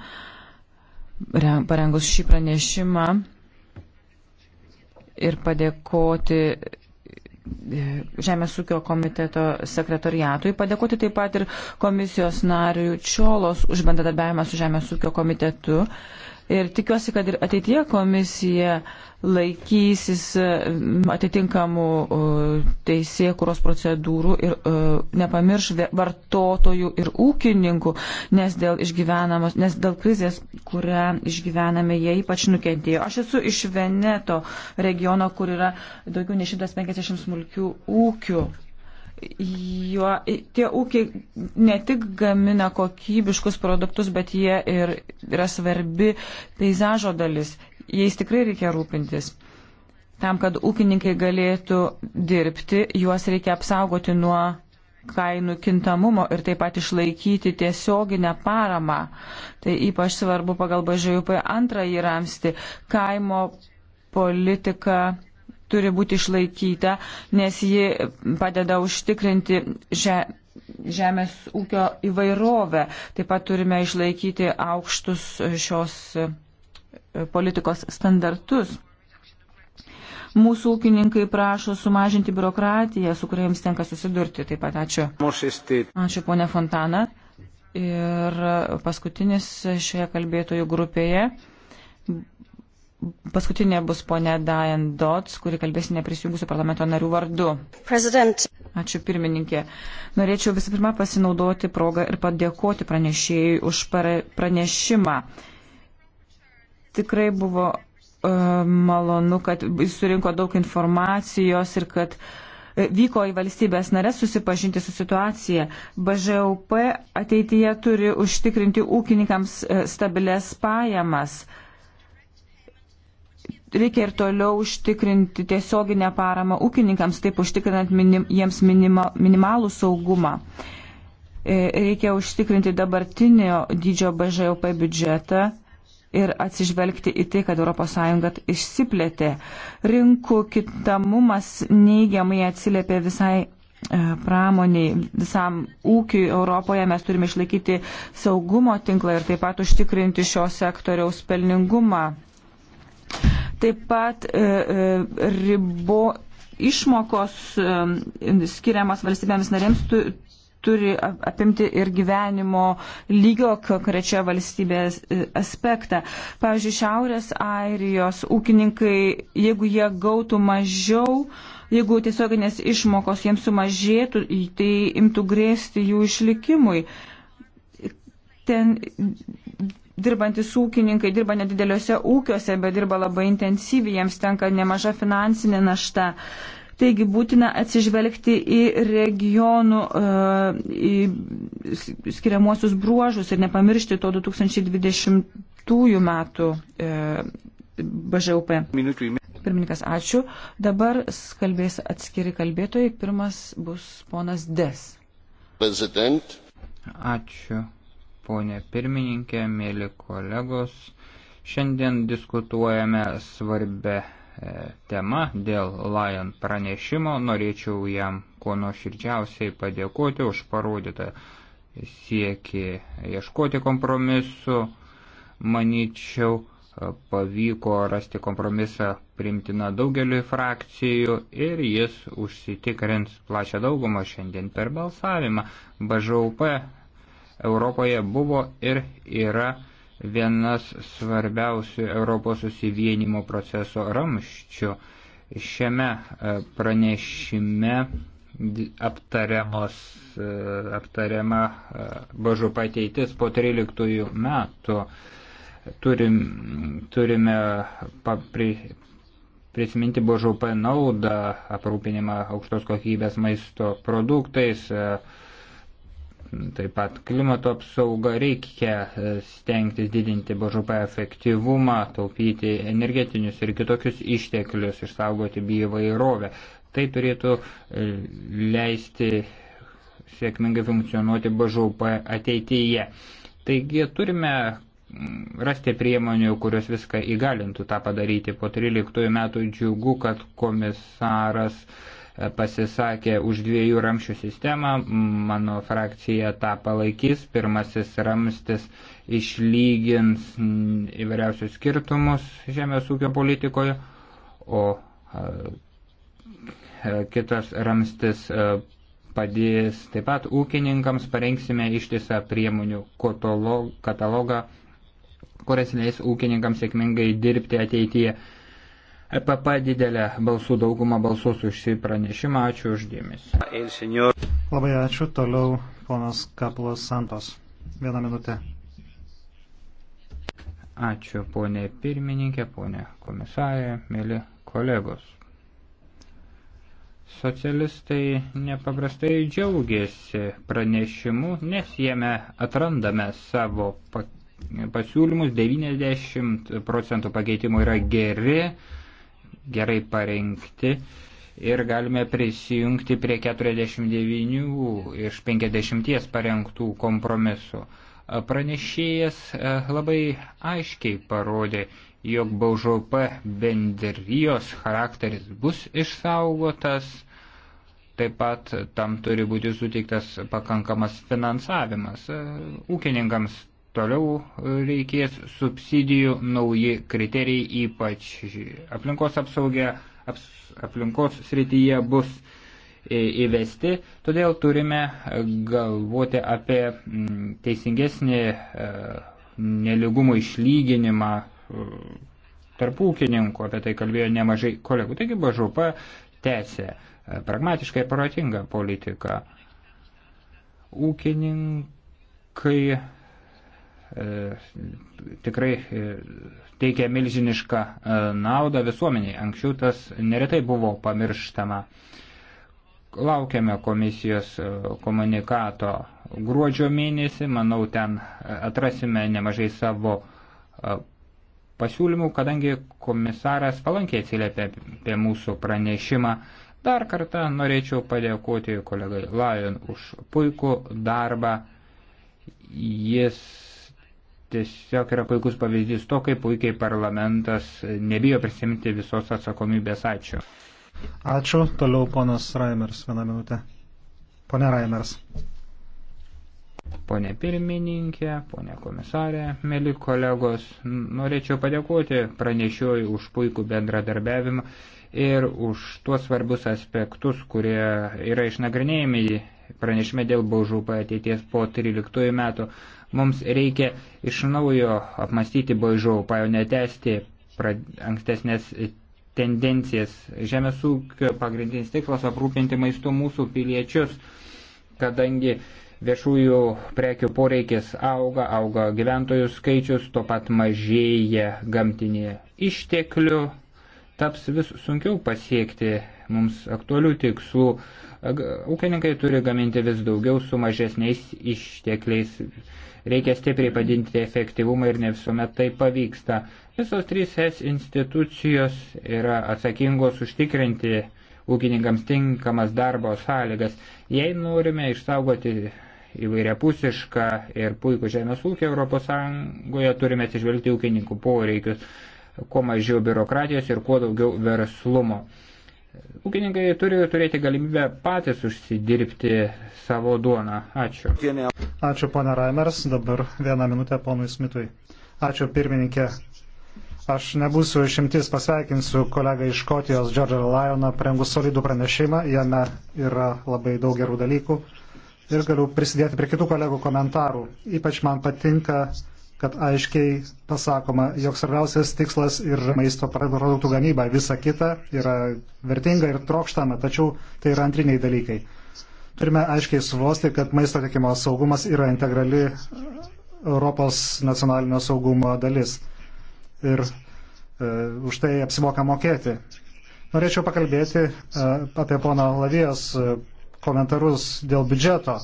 parengus šį pranešimą ir padėkoti e, Žemės ūkio komiteto sekretariatui, padėkoti taip pat ir komisijos nariui Čiolos už bendradarbiavimą su Žemės ūkio komitetu Ir tikiuosi, kad ir ateitie komisija laikysis atitinkamų teisėjų kuros procedūrų ir nepamirš vartotojų ir ūkininkų, nes dėl, nes dėl krizės, kurią išgyvename, jie ypač nukentėjo. Aš esu iš Veneto regiono, kur yra daugiau nei 150 smulkių ūkių. Juo, tie ūkiai ne tik gamina kokybiškus produktus, bet jie ir yra svarbi peizažo dalis. Jais tikrai reikia rūpintis. Tam, kad ūkininkai galėtų dirbti, juos reikia apsaugoti nuo kainų kintamumo ir taip pat išlaikyti tiesioginę paramą. Tai ypač svarbu pagal BŽUP antrąjį ramsti kaimo politika turi būti išlaikyta, nes ji padeda užtikrinti že, žemės ūkio įvairovę. Taip pat turime išlaikyti aukštus šios e, politikos standartus. Mūsų ūkininkai prašo sumažinti biurokratiją, su kuria jums tenka susidurti. Taip pat ačiū. Ačiū, ponė Fontana. Ir paskutinis šioje kalbėtojų grupėje Paskutinė bus ponė Diane Dodds, kuri kalbės neprisijungusių parlamento narių vardu. President. Ačiū pirmininkė. Norėčiau visų pirma pasinaudoti progą ir padėkoti pranešėjai už pranešimą. Tikrai buvo uh, malonu, kad jis surinko daug informacijos ir kad uh, vyko į valstybės narės susipažinti su situacija. BŽUP ateityje turi užtikrinti ūkininkams e, stabilės pajamas. Uh, Reikia ir toliau užtikrinti tiesioginę paramą ūkininkams, taip užtikrinant minim, jiems minima, minimalų saugumą. E, reikia užtikrinti dabartinio dydžio BŽOP biudžetą ir atsižvelgti į tai, kad ES išsiplėtė. Rinkų kitamumas neigiamai atsiliepė visai e, pramoniai, visam ūkiui Europoje mes turime išlaikyti saugumo tinklą ir taip pat užtikrinti šio sektoriaus pelningumą. Taip pat e, e, ribo išmokos e, skiriamas valstybėms narėms turi apimti ir gyvenimo lygio konkrečioje valstybės aspektą. Pavyzdžiui, Šiaurės Airijos ūkininkai, jeigu jie gautų mažiau, jeigu tiesioginės išmokos jiems sumažėtų, tai imtų grėsti jų išlikimui. Ten dirbantis ūkininkai dirba nedideliuose ūkiuose, bet dirba labai intensyviai, jiems tenka nemaža finansinė našta. Taigi būtina atsižvelgti į regionų e, į skiriamuosius bruožus ir nepamiršti to 2020 metų e, BŽUP. Pirmininkas, ačiū. Dabar kalbės atskiri kalbėtojai. Pirmas bus ponas Des. President. Ačiū, ponė pirmininkė, mėly kolegos. Šiandien diskutuojame svarbę e, tema dėl Lion pranešimo. Norėčiau jam kuo nuoširdžiausiai padėkoti už parodytą sieki ieškoti kompromisu. Maničiau, e, pavyko rasti kompromisą primtina daugeliui frakcijų ir jis užsitikrins plačią daugumą šiandien per balsavimą. BŽUP Europoje buvo ir yra vienas svarbiausių Europos susivienimo proceso ramščių. Šiame e, pranešime aptariamos, e, aptariama e, bažų pateitis po 13 metų. Turim, turime papri, prisiminti bažų naudą, aprūpinimą aukštos kokybės maisto produktais, taip pat klimato apsauga, reikia e, stengtis didinti BŽP efektyvumą, taupyti energetinius ir kitokius išteklius, išsaugoti bioįvairovę. Tai turėtų e, leisti sėkmingai funkcionuoti BŽP ateityje. Taigi turime mm, rasti priemonių, kurios viską įgalintų tą padaryti. Po 13 metų džiugu, kad komisaras uh, pasisakė už dviejų ramščių sistemą, mano frakcija tą palaikys, pirmasis ramstis išlygins įvairiausius skirtumus žemės ūkio politikoje, o kitas ramstis padės taip pat ūkininkams, parengsime ištisą priemonių katalogą, kuris leis ūkininkams sėkmingai dirbti ateityje. EPP didelę balsų daugumą balsus už šį pranešimą. Ačiū uždėmesį. Labai ačiū. Toliau ponas Kaplos Santos. Vieną minutę. Ačiū ponė pirmininkė, ponė komisarė, mėly kolegos. Socialistai nepaprastai džiaugiasi pranešimu, nes jame atrandame savo pasiūlymus, 90 procentų pakeitimų yra geri, gerai parengti ir galime prisijungti prie 49 iš 50 parengtų kompromisų. Pranešėjas e, labai aiškiai parodė, jog BŽP bendrijos charakteris bus išsaugotas, taip pat tam turi būti suteiktas pakankamas finansavimas. E, ūkininkams toliau reikės subsidijų nauji kriterijai, ypač aplinkos apsaugė, aps, aplinkos srityje bus įvesti, todėl turime galvoti apie mm, teisingesnį e, neligumų išlyginimą e, tarp ūkininkų, apie tai kalbėjo nemažai kolegų. Taigi bažupa tęsė e, pragmatiškai protingą politiką. Ūkininkai E, tikrai e, teikia milžinišką e, naudą visuomeniai. Anksčiau tas neretai buvo pamirštama. Laukiame komisijos komunikato gruodžio mėnesį, manau, ten atrasime nemažai savo pasiūlymų, kadangi komisaras palankiai atsiliepė apie mūsų pranešimą. Dar kartą norėčiau padėkoti kolegai Lajon už puikų darbą. Jis tiesiog yra puikus pavyzdys to, kaip puikiai parlamentas nebijo prisimti visos atsakomybės. Ačiū. Ačiū. Toliau ponas Raimers, vieną minutę. Pone Raimers. Pone pirmininkė, pone komisarė, mėly kolegos, norėčiau padėkoti pranešiojui už puikų bendradarbiavimą ir už tuos svarbius aspektus, kurie yra išnagrinėjami pranešime dėl baužų ateities po 13 metų. Mums reikia iš naujo apmastyti boižaupą, jo netesti ankstesnės tendencijas. Žemės ūkio pagrindinis tikslas aprūpinti maistu mūsų piliečius, kadangi viešųjų prekių poreikis auga, auga gyventojų skaičius, tuo pat mažėja gamtinė išteklių, taps vis sunkiau pasiekti mums aktualių tikslų. Ūkininkai turi gaminti vis daugiau su mažesniais ištekliais. Reikia stipriai padinti efektyvumą ir ne visuomet tai pavyksta. Visos trys S institucijos yra atsakingos užtikrinti ūkininkams tinkamas darbo sąlygas. Jei norime išsaugoti įvairiapusišką ir puikų žemės ūkį ES, turime atsižvelgti ūkininkų poreikius, kuo mažiau biurokratijos ir kuo daugiau verslumo. Ūkininkai turi turėti galimybę patys užsidirbti savo duoną. Ačiū. Ačiū, pana Raimers. Dabar vieną minutę ponui Smitui. Ačiū, pirmininkė. Aš nebūsiu išimtis, pasveikinsiu kolegą iš Škotijos, Džordžą Lioną, prengus solidų pranešimą, jame yra labai daug gerų dalykų. Ir galiu prisidėti prie kitų kolegų komentarų. Ypač man patinka kad aiškiai pasakoma, jog svarbiausias tikslas yra maisto produktų gamyba, visa kita yra vertinga ir trokštama, tačiau tai yra antriniai dalykai. Turime aiškiai suvosti, kad maisto tiekimo saugumas yra integrali uh, Europos nacionalinio saugumo dalis. Ir e, už tai apsimoka mokėti. Norėčiau pakalbėti e, apie pono Lavijos e, komentarus dėl biudžeto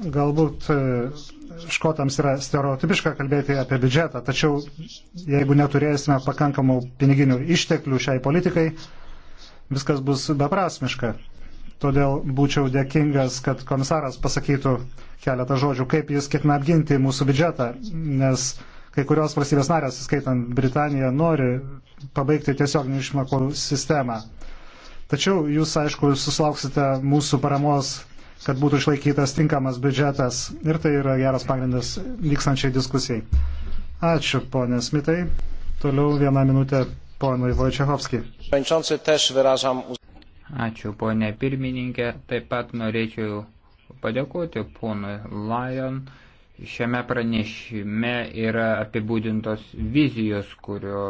galbūt e, škotams yra stereotipiška kalbėti apie biudžetą, tačiau jeigu neturėsime pakankamų piniginių išteklių šiai politikai, viskas bus beprasmiška. Todėl būčiau dėkingas, kad komisaras pasakytų keletą žodžių, kaip jis ketina apginti mūsų biudžetą, nes kai kurios valstybės narės, skaitant Britaniją, nori pabaigti tiesioginių išmokų sistemą. Tačiau jūs, aišku, susilauksite mūsų paramos kad būtų išlaikytas tinkamas biudžetas ir tai yra geras pagrindas vykstančiai diskusijai. Ačiū, ponė Smitai. Toliau vieną minutę ponui Vojčiachovskijai. Ačiū, ponė pirmininkė. Taip pat norėčiau padėkoti ponui Lion. Šiame pranešime yra apibūdintos vizijos, kurio,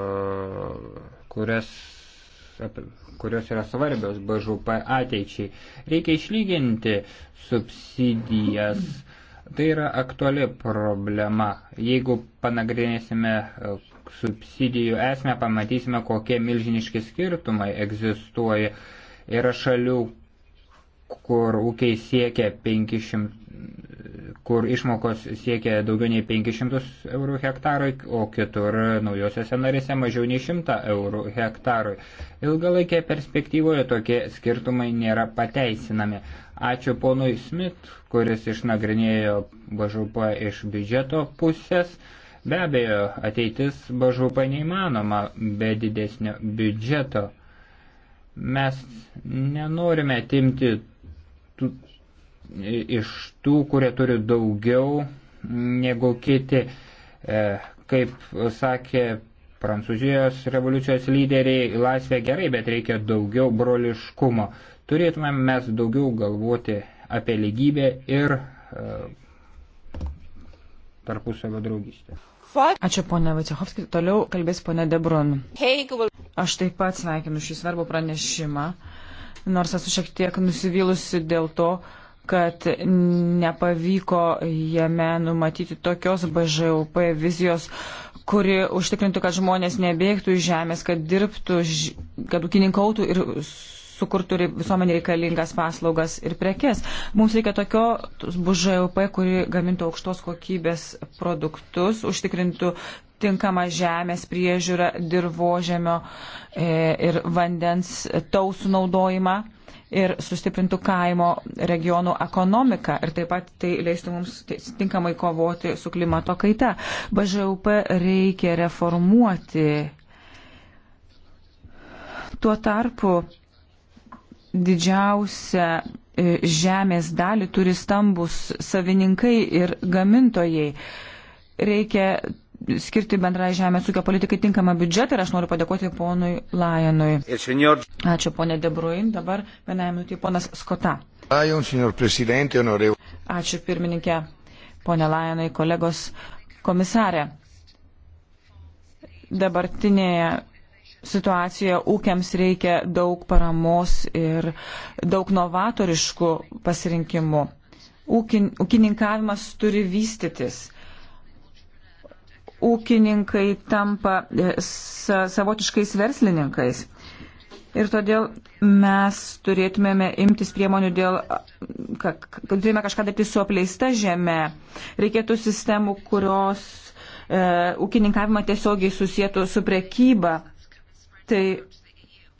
kurias kurios yra svarbios BŽP ateičiai. Reikia išlyginti subsidijas. Tai yra aktuali problema. Jeigu panagrinėsime e, subsidijų esmę, pamatysime, kokie milžiniški skirtumai egzistuoja. Yra šalių, kur ūkiai siekia 500 kur išmokos siekia daugiau nei 500 eurų hektarui, o kitur naujosiuose narėse mažiau nei 100 eurų hektarui. Ilgalaikėje perspektyvoje tokie skirtumai nėra pateisinami. Ačiū ponui Smith, kuris išnagrinėjo bažupą iš biudžeto pusės. Be abejo, ateitis bažupą neįmanoma be didesnio biudžeto. Mes nenorime timti iš tų, kurie turi daugiau negu kiti. E, kaip sakė Prancūzijos revoliucijos lyderiai, laisvė gerai, bet reikia daugiau broliškumo. Turėtume mes daugiau galvoti apie lygybę ir e, tarpusavio draugystę. Ačiū ponia Vatsiachovski. Toliau kalbės ponia Debrun. Aš taip pat sveikinu šį svarbų pranešimą, nors esu šiek tiek nusivylusi dėl to, uh, kad nepavyko jame numatyti tokios BŽUP vizijos, kuri užtikrintų, kad žmonės nebėgtų iš žemės, kad dirbtų, kad ūkininkautų ir sukurtų visuomenį reikalingas paslaugas ir prekes. Mums reikia tokio BŽUP, kuri gamintų aukštos kokybės produktus, užtikrintų tinkamą žemės priežiūrą, dirbožemio e, ir vandens tausų naudojimą ir sustiprintų kaimo regionų ekonomiką ir taip pat tai leistų mums tinkamai kovoti su klimato kaita. BŽUP reikia reformuoti. Tuo tarpu didžiausia e, žemės dalį turi stambus savininkai ir gamintojai. Reikia skirti bendrai žemės ūkio politikai tinkamą biudžetą ir aš noriu padėkoti ponui Lajanui. Ačiū ponė Debruin, dabar vienai minutį ponas Skota. Ačiū pirmininkė, ponė Lajanai, kolegos komisarė. Dabartinėje situacijoje ūkiams reikia daug paramos ir daug novatoriškų pasirinkimų. Ūkin, ūkininkavimas turi vystytis ūkininkai tampa e, savotiškais verslininkais. Ir todėl mes turėtumėme imtis priemonių dėl, kad turime kažką daryti su apleista žeme. Reikėtų sistemų, kurios e, ūkininkavimą tiesiogiai susijėtų su prekyba. Tai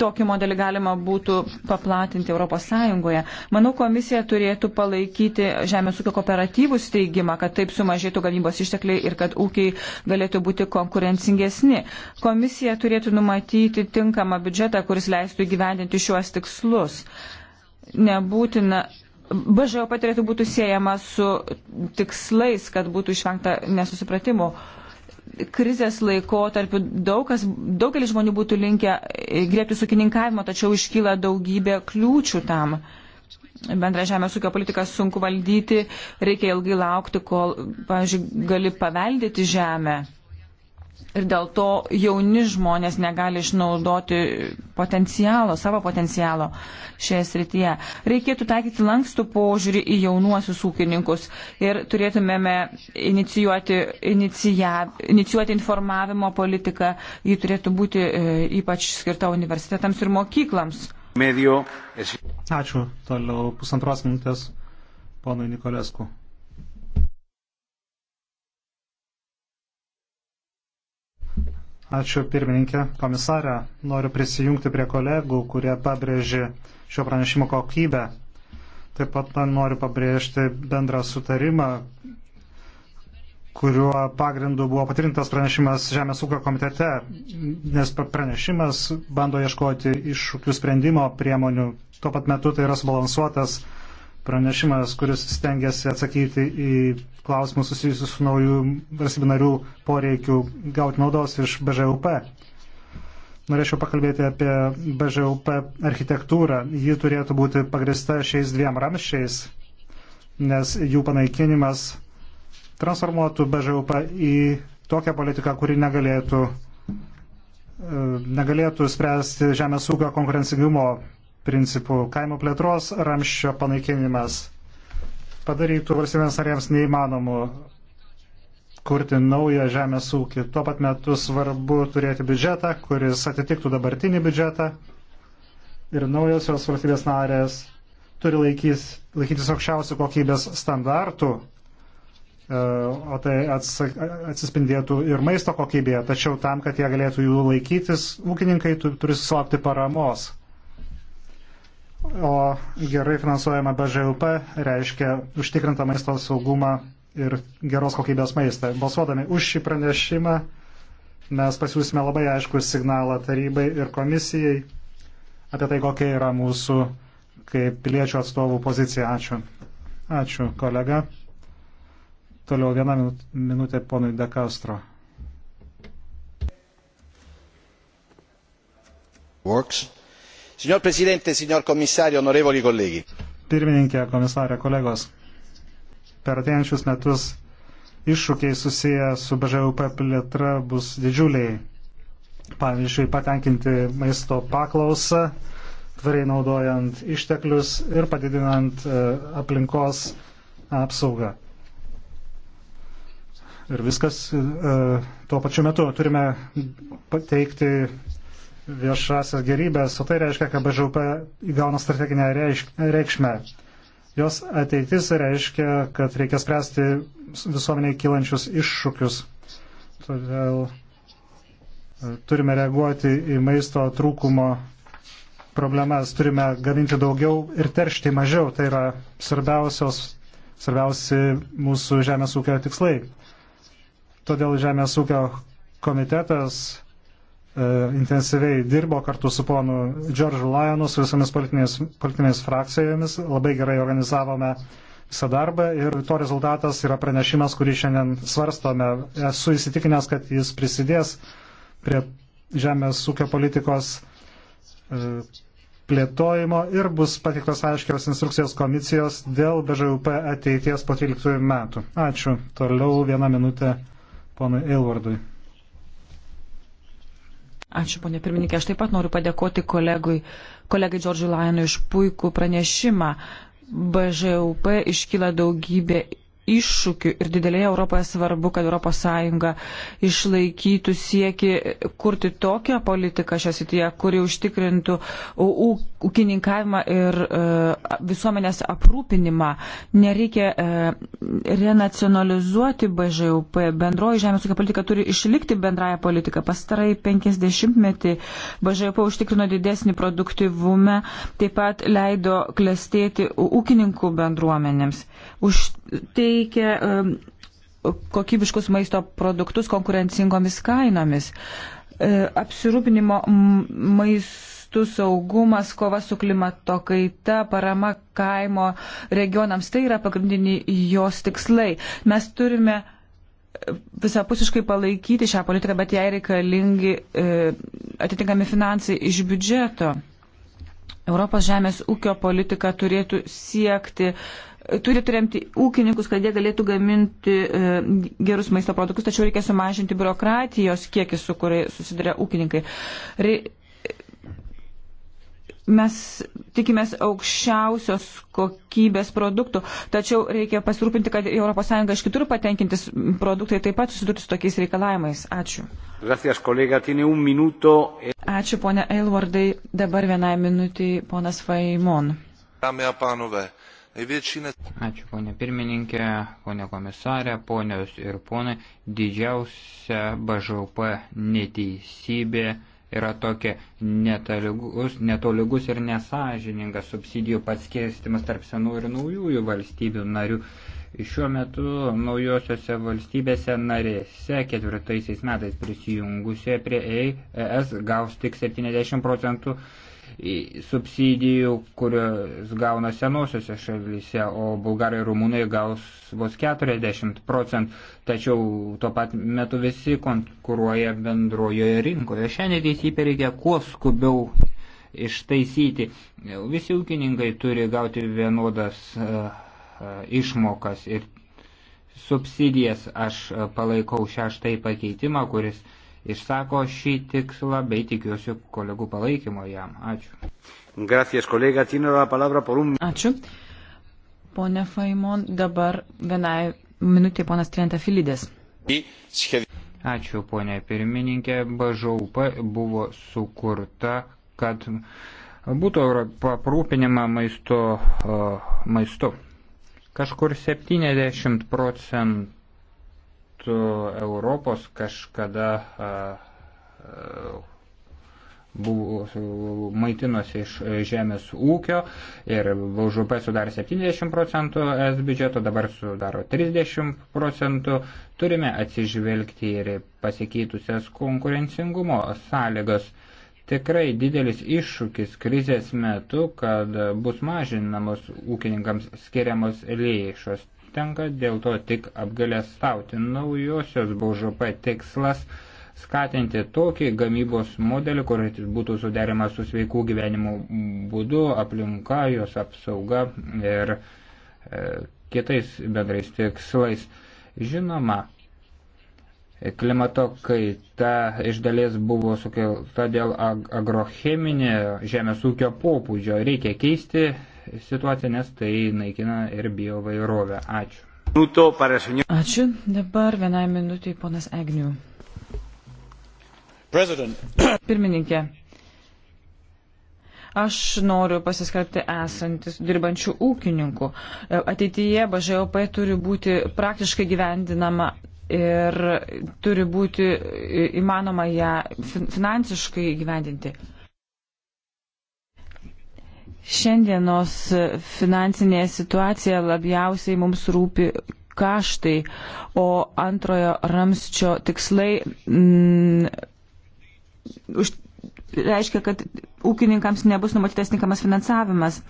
tokį modelį galima būtų paplatinti ES. Manau, komisija turėtų palaikyti žemės ūkio kooperatyvų steigimą, kad taip sumažėtų gamybos ištekliai ir kad ūkiai galėtų būti konkurencingesni. Komisija turėtų numatyti tinkamą biudžetą, kuris leistų įgyvendinti šiuos tikslus. Nebūtina. BŽOP turėtų būti siejama su tikslais, kad būtų išvengta nesusipratimų. Uh, krizės laikotarpiu daug kas, daugelis žmonių būtų linkę e, griebti sukininkavimo, tačiau iškyla daugybė kliūčių tam. Bendra žemės ūkio politika sunku valdyti, reikia ilgai laukti, kol, pavyzdžiui, gali paveldėti žemę ir dėl to jauni žmonės negali išnaudoti potencialo, savo potencialo šioje srityje. Reikėtų taikyti lankstų požiūrį į jaunuosius ūkininkus ir turėtumėme inicijuoti, inicija, inicijuoti informavimo politiką, ji turėtų būti e, ypač skirta universitetams ir mokyklams. Medio. Ačiū. Toliau pusantros minutės ponui Nikolesku. Ačiū pirmininkė, komisarė. Noriu prisijungti prie kolegų, kurie pabrėžė šio pranešimo kokybę. Taip pat noriu pabrėžti bendrą sutarimą, kuriuo pagrindu buvo patvirtintas pranešimas Žemės ūkio komitete, nes pranešimas bando ieškoti iššūkių sprendimo priemonių. Tuo pat metu tai yra subalansuotas pranešimas, kuris stengiasi atsakyti į klausimus susijusius su naujų valstybių narių poreikiu gauti naudos iš BŽUP. Norėčiau pakalbėti apie BŽUP architektūrą. Ji turėtų būti pagrista šiais dviem ramščiais, nes jų panaikinimas transformuotų BŽUP į tokią politiką, kuri negalėtų, e, negalėtų spręsti žemės ūkio konkurencingumo principų kaimo plėtros ramščio panaikinimas padarytų valstybės narėms neįmanomu kurti naują žemės ūkį. Tuo pat metu svarbu turėti biudžetą, kuris atitiktų dabartinį biudžetą ir naujosios valstybės narės turi laikys, laikytis aukščiausių kokybės standartų, e, o tai atsispindėtų ir maisto kokybėje, tačiau tam, kad jie galėtų jų laikytis, ūkininkai turi susilaukti paramos o gerai finansuojama BŽUP reiškia užtikrintą maisto saugumą ir geros kokybės maistą. Balsuodami už šį pranešimą mes pasiūsime labai aišku signalą tarybai ir komisijai apie tai, kokia yra mūsų kaip piliečių atstovų pozicija. Ačiū. Ačiū, kolega. Toliau viena minutė ponui De Castro. Works signor presidente signor commissario onorevoli colleghi pirmininke komisare kolegos per ateinančius metus iššūkiai susiję su bžūp plėtra bus didžiuliai pavyzdžiui patenkinti maisto paklausą tvariai naudojant išteklius ir padidinant e, aplinkos apsaugą. Ir viskas e, tuo pačiu metu turime pateikti viešasias gerybės, o tai reiškia, kad BŽUP įgauna strateginę reikšmę. Jos ateitis reiškia, kad reikia spręsti visuomeniai kylančius iššūkius. Todėl e, turime reaguoti į maisto trūkumo problemas, turime gaminti daugiau ir teršti mažiau. Tai yra svarbiausios, svarbiausi mūsų žemės ūkio tikslai. Todėl žemės ūkio komitetas E, intensyviai dirbo kartu su ponu Džordžu Lajonu, su visomis politinės, politinės frakcijomis, labai gerai organizavome visą darbą ir to rezultatas yra pranešimas, kurį šiandien svarstome. Esu įsitikinęs, kad jis prisidės prie žemės ūkio politikos e, plėtojimo ir bus patiktos aiškios instrukcijos komisijos dėl BŽUP ateities po 13 metų. Ačiū. Toliau vieną minutę ponui Eilvardui. Ačiū, ponė pirmininkė. Aš taip pat noriu padėkoti kolegui, kolegai Džordžiui Lainui už puikų pranešimą. BŽUP iškyla daugybė iššūkių ir didelėje Europoje svarbu, kad ES išlaikytų sieki kurti tokią politiką šią sityje, kuri užtikrintų ūkininkavimą ir e, visuomenės aprūpinimą. Nereikia e, renacionalizuoti BŽUP. Bendroji žemės ūkio politika turi išlikti bendrąją politiką. Pastarai 50 metį BŽUP užtikrino didesnį produktivumą, taip pat leido klestėti ūkininkų bendruomenėms. Už tai teikia kokybiškus maisto produktus konkurencingomis kainomis. E, apsirūpinimo maistų saugumas, kova su klimato kaita, parama kaimo regionams - tai yra pagrindiniai jos tikslai. Mes turime e, visapusiškai palaikyti šią politiką, bet jai reikalingi e, atitinkami finansai iš biudžeto. Europos žemės ūkio politika turėtų siekti uh, turi turėti ūkininkus, kad jie galėtų gaminti e, gerus maisto produktus, tačiau reikia sumažinti biurokratijos kiekį, su kuriai susiduria ūkininkai. Re, mes tikimės aukščiausios kokybės produktų, tačiau reikia pasirūpinti, kad ES iš kitur patenkintis produktai taip pat susidurtų su tokiais reikalavimais. Ačiū. Gracias, kolega, Ačiū, ponia Eilvardai. Dabar vienai minutiai, ponas Faimon. Dámy a pánové, Ačiū, ponė pirmininkė, ponė komisarė, ponios ir ponai. Didžiausia BŽP neteisybė yra tokia netolygus, netolygus ir nesažiningas subsidijų paskirstimas tarp senų ir naujųjų valstybių narių. Šiuo metu naujosiuose valstybėse narėse ketvirtaisiais metais prisijungusie prie ES e gaus tik 70 procentų subsidijų, kurios gauna senosiuose šalyse, o bulgarai ir rumūnai gaus vos 40 procentų, tačiau tuo pat metu visi konkuruoja bendrojoje rinkoje. Šią neteisybę reikia kuo skubiau ištaisyti. Visi ūkininkai turi gauti vienodas e, e, išmokas ir subsidijas. Aš palaikau šeštąjį pakeitimą, kuris išsako šį tikslą, bei tikiuosi kolegų palaikymo jam. Ačiū. Gracias, kolega. Tiene la palabra por un... Ačiū. Pone Faimon, dabar vienai minutė ponas Trenta Filidės. Ačiū, ponė pirmininkė. BŽUP buvo sukurta, kad būtų paprūpinima maisto, maistu. Kažkur 70 procentų Europos kažkada a, a, buvo maitinosi iš žemės ūkio ir BŽP sudarė 70 procentų es biudžeto, dabar sudaro 30 procentų. Turime atsižvelgti ir pasikeitusias konkurencingumo sąlygas. Tikrai didelis iššūkis krizės metu, kad bus mažinamos ūkininkams skiriamos lėšos tenka dėl to tik apgalėstauti. Naujosios BŽP tikslas skatinti tokį gamybos modelį, kuris būtų suderimas su sveikų gyvenimo būdu, aplinka, jos apsauga ir e, kitais bendrais tikslais. Žinoma, Klimato kaita iš dalies buvo sukelta dėl agrocheminio žemės ūkio popūdžio. Reikia keisti situaciją, nes tai naikina ir biovairovę. Ačiū. Ačiū. Dabar vienai minutiai ponas Egnių. Pirmininkė, aš noriu pasiskelbti esantis dirbančių ūkininkų. Ateityje BŽOP turi būti praktiškai gyvendinama ir turi būti įmanoma ją finansiškai gyvendinti. Šiandienos finansinė situacija labiausiai mums rūpi kaštai, o antrojo ramsčio tikslai m, mm, už, reiškia, kad ūkininkams nebus numatytas tinkamas finansavimas. M,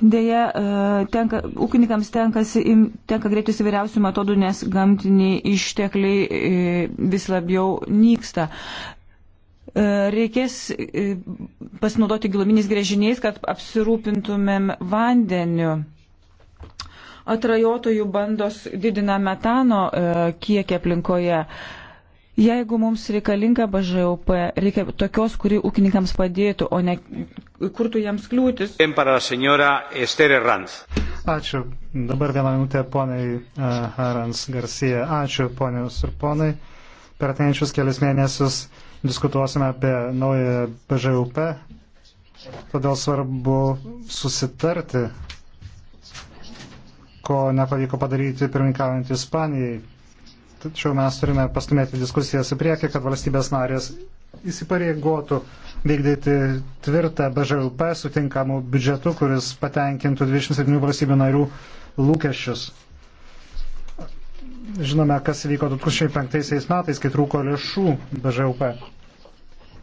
Deja, e, tenka, ūkininkams tenkasi, tenka greitis įvairiausių metodų, nes gamtiniai ištekliai e, vis labiau nyksta. E, reikės pasinaudoti giluminiais grėžiniais, kad apsirūpintumėm vandeniu. Atrajotojų bandos didina metano kiekį aplinkoje. E, Jeigu mums reikalinga BŽUP, reikia tokios, kuri ūkininkams padėtų, o ne kurtų jiems kliūtis. Ačiū. Dabar vieną minutę poniai e, Harans Garcia. Ačiū ponios ir ponai. Per ateinančius kelius mėnesius diskutuosime apie naują BŽUP. Todėl svarbu susitarti, ko nepavyko padaryti pirmininkaujant Ispanijai Tačiau mes turime pastumėti diskusijas į priekį, kad valstybės narės įsipareigotų vykdyti tvirtą BŽUP su tinkamu biudžetu, kuris patenkintų 27 valstybių narių lūkesčius. Žinome, kas vyko 2005 metais, kai trūko lėšų BŽUP.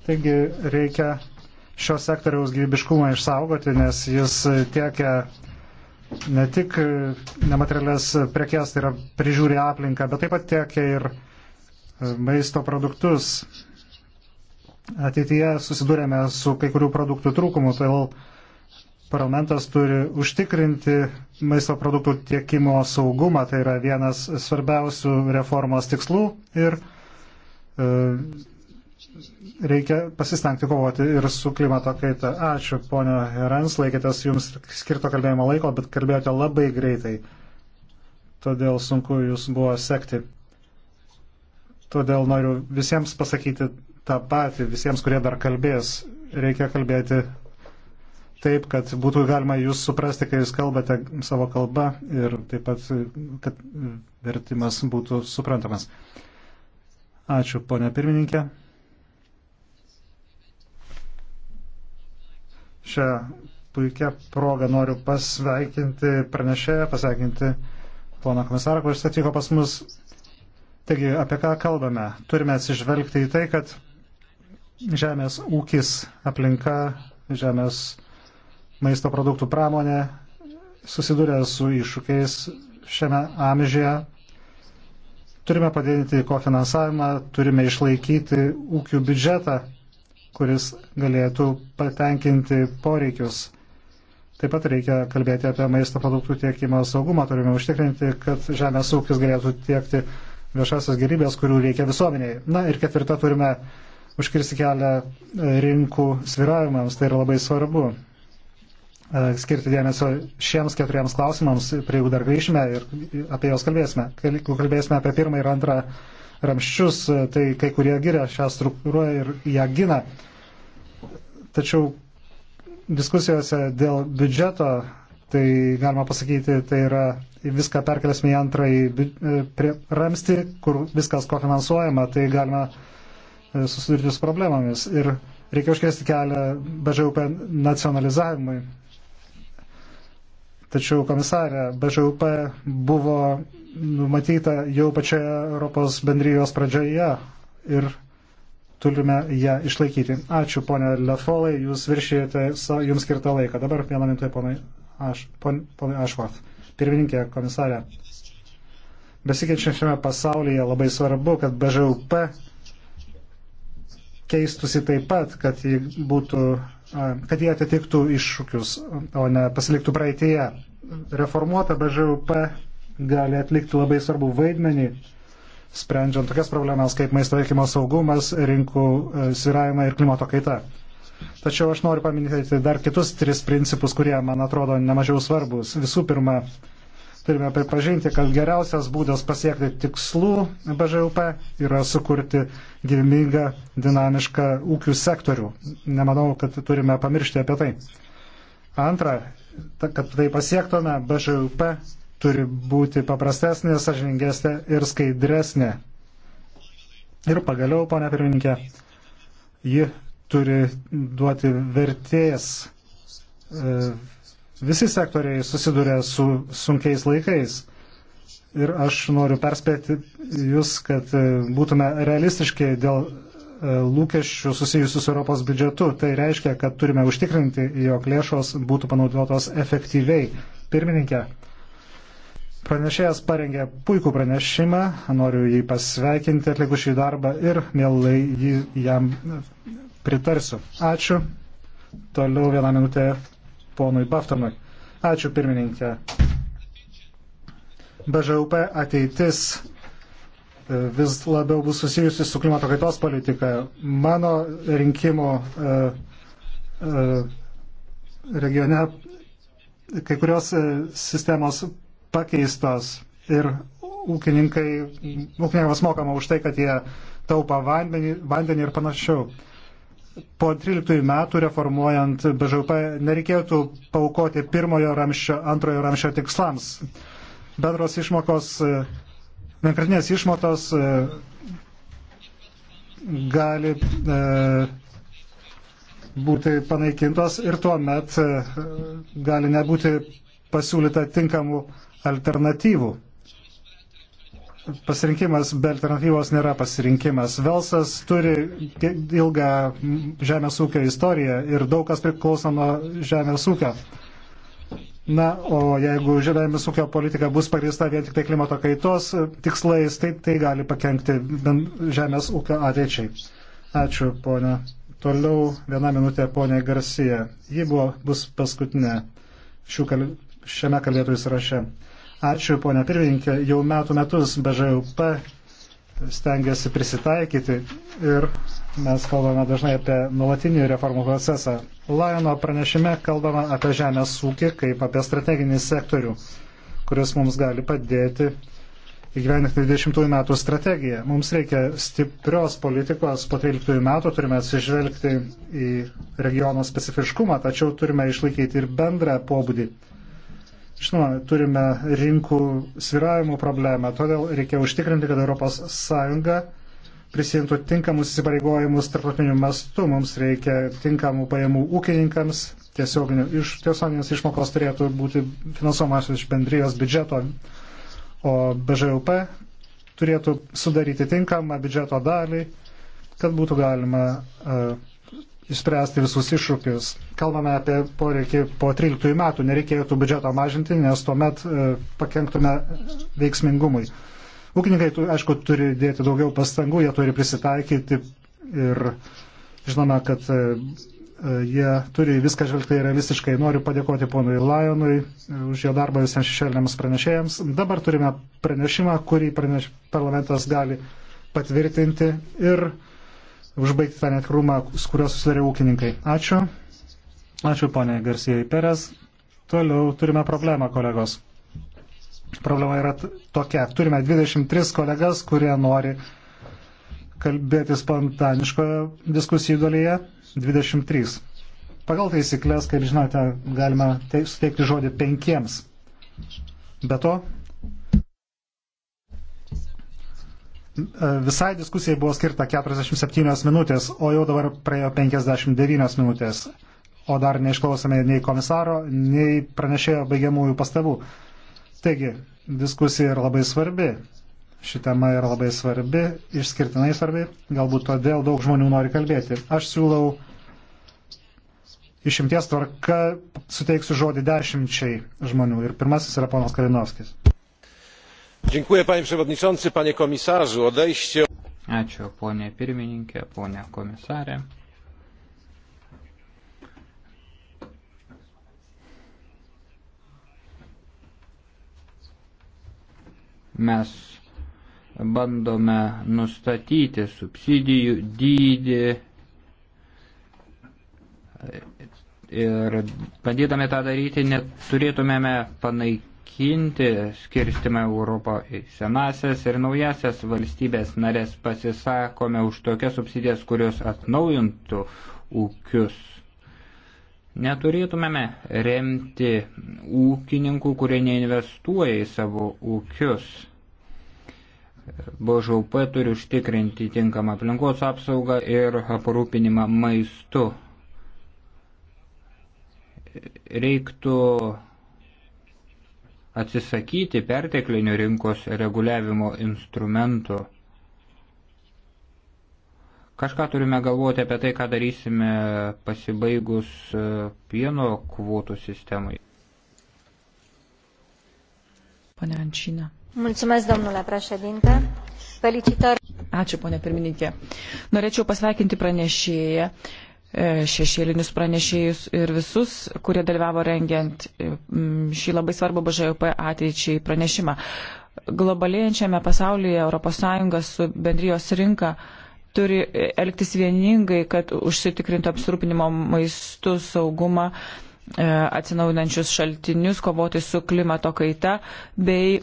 Taigi reikia šio sektoriaus gyvybiškumą išsaugoti, nes jis tiekia ne tik e, nematerialias prekes, tai yra prižiūri aplinką, bet taip pat tiekia ir e, maisto produktus. Ateityje susidūrėme su kai kurių produktų trūkumu, todėl parlamentas turi užtikrinti maisto produktų tiekimo saugumą, tai yra vienas svarbiausių reformos tikslų ir e, reikia pasistengti kovoti ir su klimato kaita. Ačiū, ponio Herans, laikėtės jums skirto kalbėjimo laiko, bet kalbėjote labai greitai. Todėl sunku jūs buvo sekti. Todėl noriu visiems pasakyti tą patį, visiems, kurie dar kalbės. Reikia kalbėti taip, kad būtų galima jūs suprasti, kai jūs kalbate savo kalbą ir taip pat, kad vertimas būtų suprantamas. Ačiū, ponia pirmininkė. Šią puikią progą noriu pasveikinti pranešėją, pasveikinti poną komisarą, kuris atvyko pas mus. Taigi, apie ką kalbame? Turime atsižvelgti į tai, kad žemės ūkis, aplinka, žemės maisto produktų pramonė susidūrė su iššūkiais šiame amžyje. Turime padidinti kofinansavimą, turime išlaikyti ūkių biudžetą kuris galėtų patenkinti poreikius. Taip pat reikia kalbėti apie maisto produktų tiekimo saugumą, turime užtikrinti, kad žemės ūkis galėtų tiekti viešasias gerybės, kurių reikia visuomeniai. Na ir ketvirta, turime užkirsti kelią rinkų sviravimams, tai yra labai svarbu. E, skirti dėmesio šiems keturiems klausimams, prie jų dar grįšime ir apie juos kalbėsime. Kalbėsime apie pirmą ir antrą ramščius, e, tai kai kurie giria šią struktūrą ir ją gina. Tačiau diskusijose dėl biudžeto, tai galima pasakyti, tai yra viską perkeliasime į antrąjį e, ramstį, kur viskas kofinansuojama, tai galima e, susidurti su problemomis. Ir reikia užkesti kelią BŽUP nacionalizavimui. Tačiau komisarė BŽUP buvo numatyta jau pačioje Europos bendrijos pradžioje ir turime ją išlaikyti. Ačiū, ponė Lefolai, jūs viršijate jums skirtą laiką. Dabar vieną minutę, ponai Aš, pon, ponai Ašvat. Pirmininkė, komisarė. Besikeičiančiame pasaulyje labai svarbu, kad BŽUP keistusi taip pat, kad ji būtų kad jie atitiktų iššūkius, o ne pasiliktų praeitėje. Reformuota BŽUP gali atlikti labai svarbų vaidmenį, sprendžiant tokias problemas kaip maisto veikimo saugumas, rinkų e, sviravimai ir klimato kaita. Tačiau aš noriu paminėti dar kitus tris principus, kurie, man atrodo, nemažiau svarbus. Visų pirma, Turime pripažinti, kad geriausias būdas pasiekti tikslų BŽUP yra sukurti gyvybingą, dinamišką ūkių sektorių. Nemanau, kad turime pamiršti apie tai. Antra, kad tai pasiektume, BŽUP turi būti paprastesnė, sažiningesnė ir skaidresnė. Ir pagaliau, ponia pirmininkė, ji turi duoti vertės e, Visi sektoriai susiduria su sunkiais laikais. Ir aš noriu perspėti jūs, kad e, būtume realistiški dėl e, lūkesčių susijusių su Europos biudžetu. Tai reiškia, kad turime užtikrinti, jog lėšos būtų panaudotos efektyviai. Pirmininkė, pranešėjas parengė puikų pranešimą, noriu jį pasveikinti atlikus šį darbą ir mielai jį jam pritarsiu. Ačiū. Toliau vieną minutę ponui Baftonui. Ačiū pirmininkė. BŽUP ateitis e, vis labiau bus susijusi su klimato kaitos politika. Mano rinkimo e, e, regione kai kurios sistemos pakeistos ir ūkininkai, ūkininkams mokama už tai, kad jie taupa vandenį, vandenį ir panašiau po 13 metų reformuojant BŽP nereikėtų paukoti pirmojo ramščio, antrojo ramščio tikslams. Bendros išmokos, vienkartinės išmokos e, gali e, būti panaikintos ir tuo met e, gali nebūti pasiūlyta tinkamų alternatyvų pasirinkimas be alternatyvos nėra pasirinkimas. Velsas turi ilgą žemės ūkio istoriją ir daug kas priklauso nuo žemės ūkio. Na, o jeigu žemės ūkio politika bus pagrįsta vien tik tai klimato kaitos tikslais, tai tai gali pakengti žemės ūkio ateičiai. Ačiū, ponia. Toliau vieną minutę ponia Garcija. Ji buvo, bus paskutinė šių kal... šiame kalėtojų sąraše. Ačiū, ponia pirmininkė. Jau metų metus BŽUP stengiasi prisitaikyti ir mes kalbame dažnai apie nuolatinį reformų procesą. Lajono pranešime kalbama apie žemės ūkį kaip apie strateginį sektorių, kuris mums gali padėti įgyveninti 20 metų strategiją. Mums reikia stiprios politikos po 13 metų, turime atsižvelgti į regiono specifiškumą, tačiau turime išlaikyti ir bendrą pobūdį. Žinoma, turime rinkų sviravimų problemą, todėl reikia užtikrinti, kad ES prisimtų tinkamus įsipareigojimus tarptautiniu mastu. Mums reikia tinkamų pajamų ūkininkams, iš, tiesioginės išmokos turėtų būti finansuomas iš bendrijos biudžeto, o BŽUP turėtų sudaryti tinkamą biudžeto dalį, kad būtų galima uh, išspręsti visus iššūkius. Kalbame apie poreikį po 13 metų, nereikėtų biudžeto mažinti, nes tuomet e, pakenktume veiksmingumui. Ūkininkai, aišku, turi dėti daugiau pastangų, jie turi prisitaikyti ir žinome, kad e, e, jie turi viską žvelgti realistiškai. Noriu padėkoti ponui Lajonui už jo darbą visiems šešėliniams pranešėjams. Dabar turime pranešimą, kurį praneš, parlamentas gali patvirtinti ir užbaigti tą netikrumą, su kuriuo susidarė ūkininkai. Ačiū. Ačiū ponė Garsijai Perės. Toliau turime problemą, kolegos. Problema yra tokia. Turime 23 kolegas, kurie nori kalbėti spontaniško diskusijų dalyje. 23. Pagal taisyklės, kaip žinote, galima suteikti žodį penkiems. Be to, E, visai diskusijai buvo skirta 47 minutės, o jau dabar praėjo 59 minutės, o dar neišklausome nei komisaro, nei pranešėjo baigiamųjų pastabų. Taigi, diskusija yra labai svarbi, ši tema yra labai svarbi, išskirtinai svarbi, galbūt todėl daug žmonių nori kalbėti. Aš siūlau išimties tvarka suteiksiu žodį dešimčiai žmonių ir pirmasis yra ponas Kalinovskis panie przewodniczący panie komisarzu! odejście. ačiū pone pirmininke pone komisare. mes bandome nustatyti subsidijų dydį ir bandydami tą daryti neturėtumėme panaikinti panaikinti skirstimą Europą į senasias ir naujasias valstybės narės. Pasisakome už tokias subsidijas, kurios atnaujintų ūkius. Neturėtumėme remti ūkininkų, kurie neinvestuoja į savo ūkius. BŽP turi užtikrinti tinkamą aplinkos apsaugą ir aprūpinimą maistu. Reiktų atsisakyti perteklinio rinkos reguliavimo instrumentų. Kažką turime galvoti apie tai, ką darysime pasibaigus e, pieno kvotų sistemai. Pane Ančina. Mulțumesc, domnule președinte. Felicitări. Ačiū, ponė pirmininkė. Norėčiau pasveikinti pranešėją E, šešėlinius pranešėjus ir visus, kurie dalyvavo rengiant e, šį labai svarbų BŽP ateičiai pranešimą. Globalėjančiame pasaulyje ES su bendrijos rinka turi e, elgtis vieningai, kad užsitikrintų apsirūpinimo maistų saugumą, atsinaujinančius šaltinius, kovoti su klimato kaita bei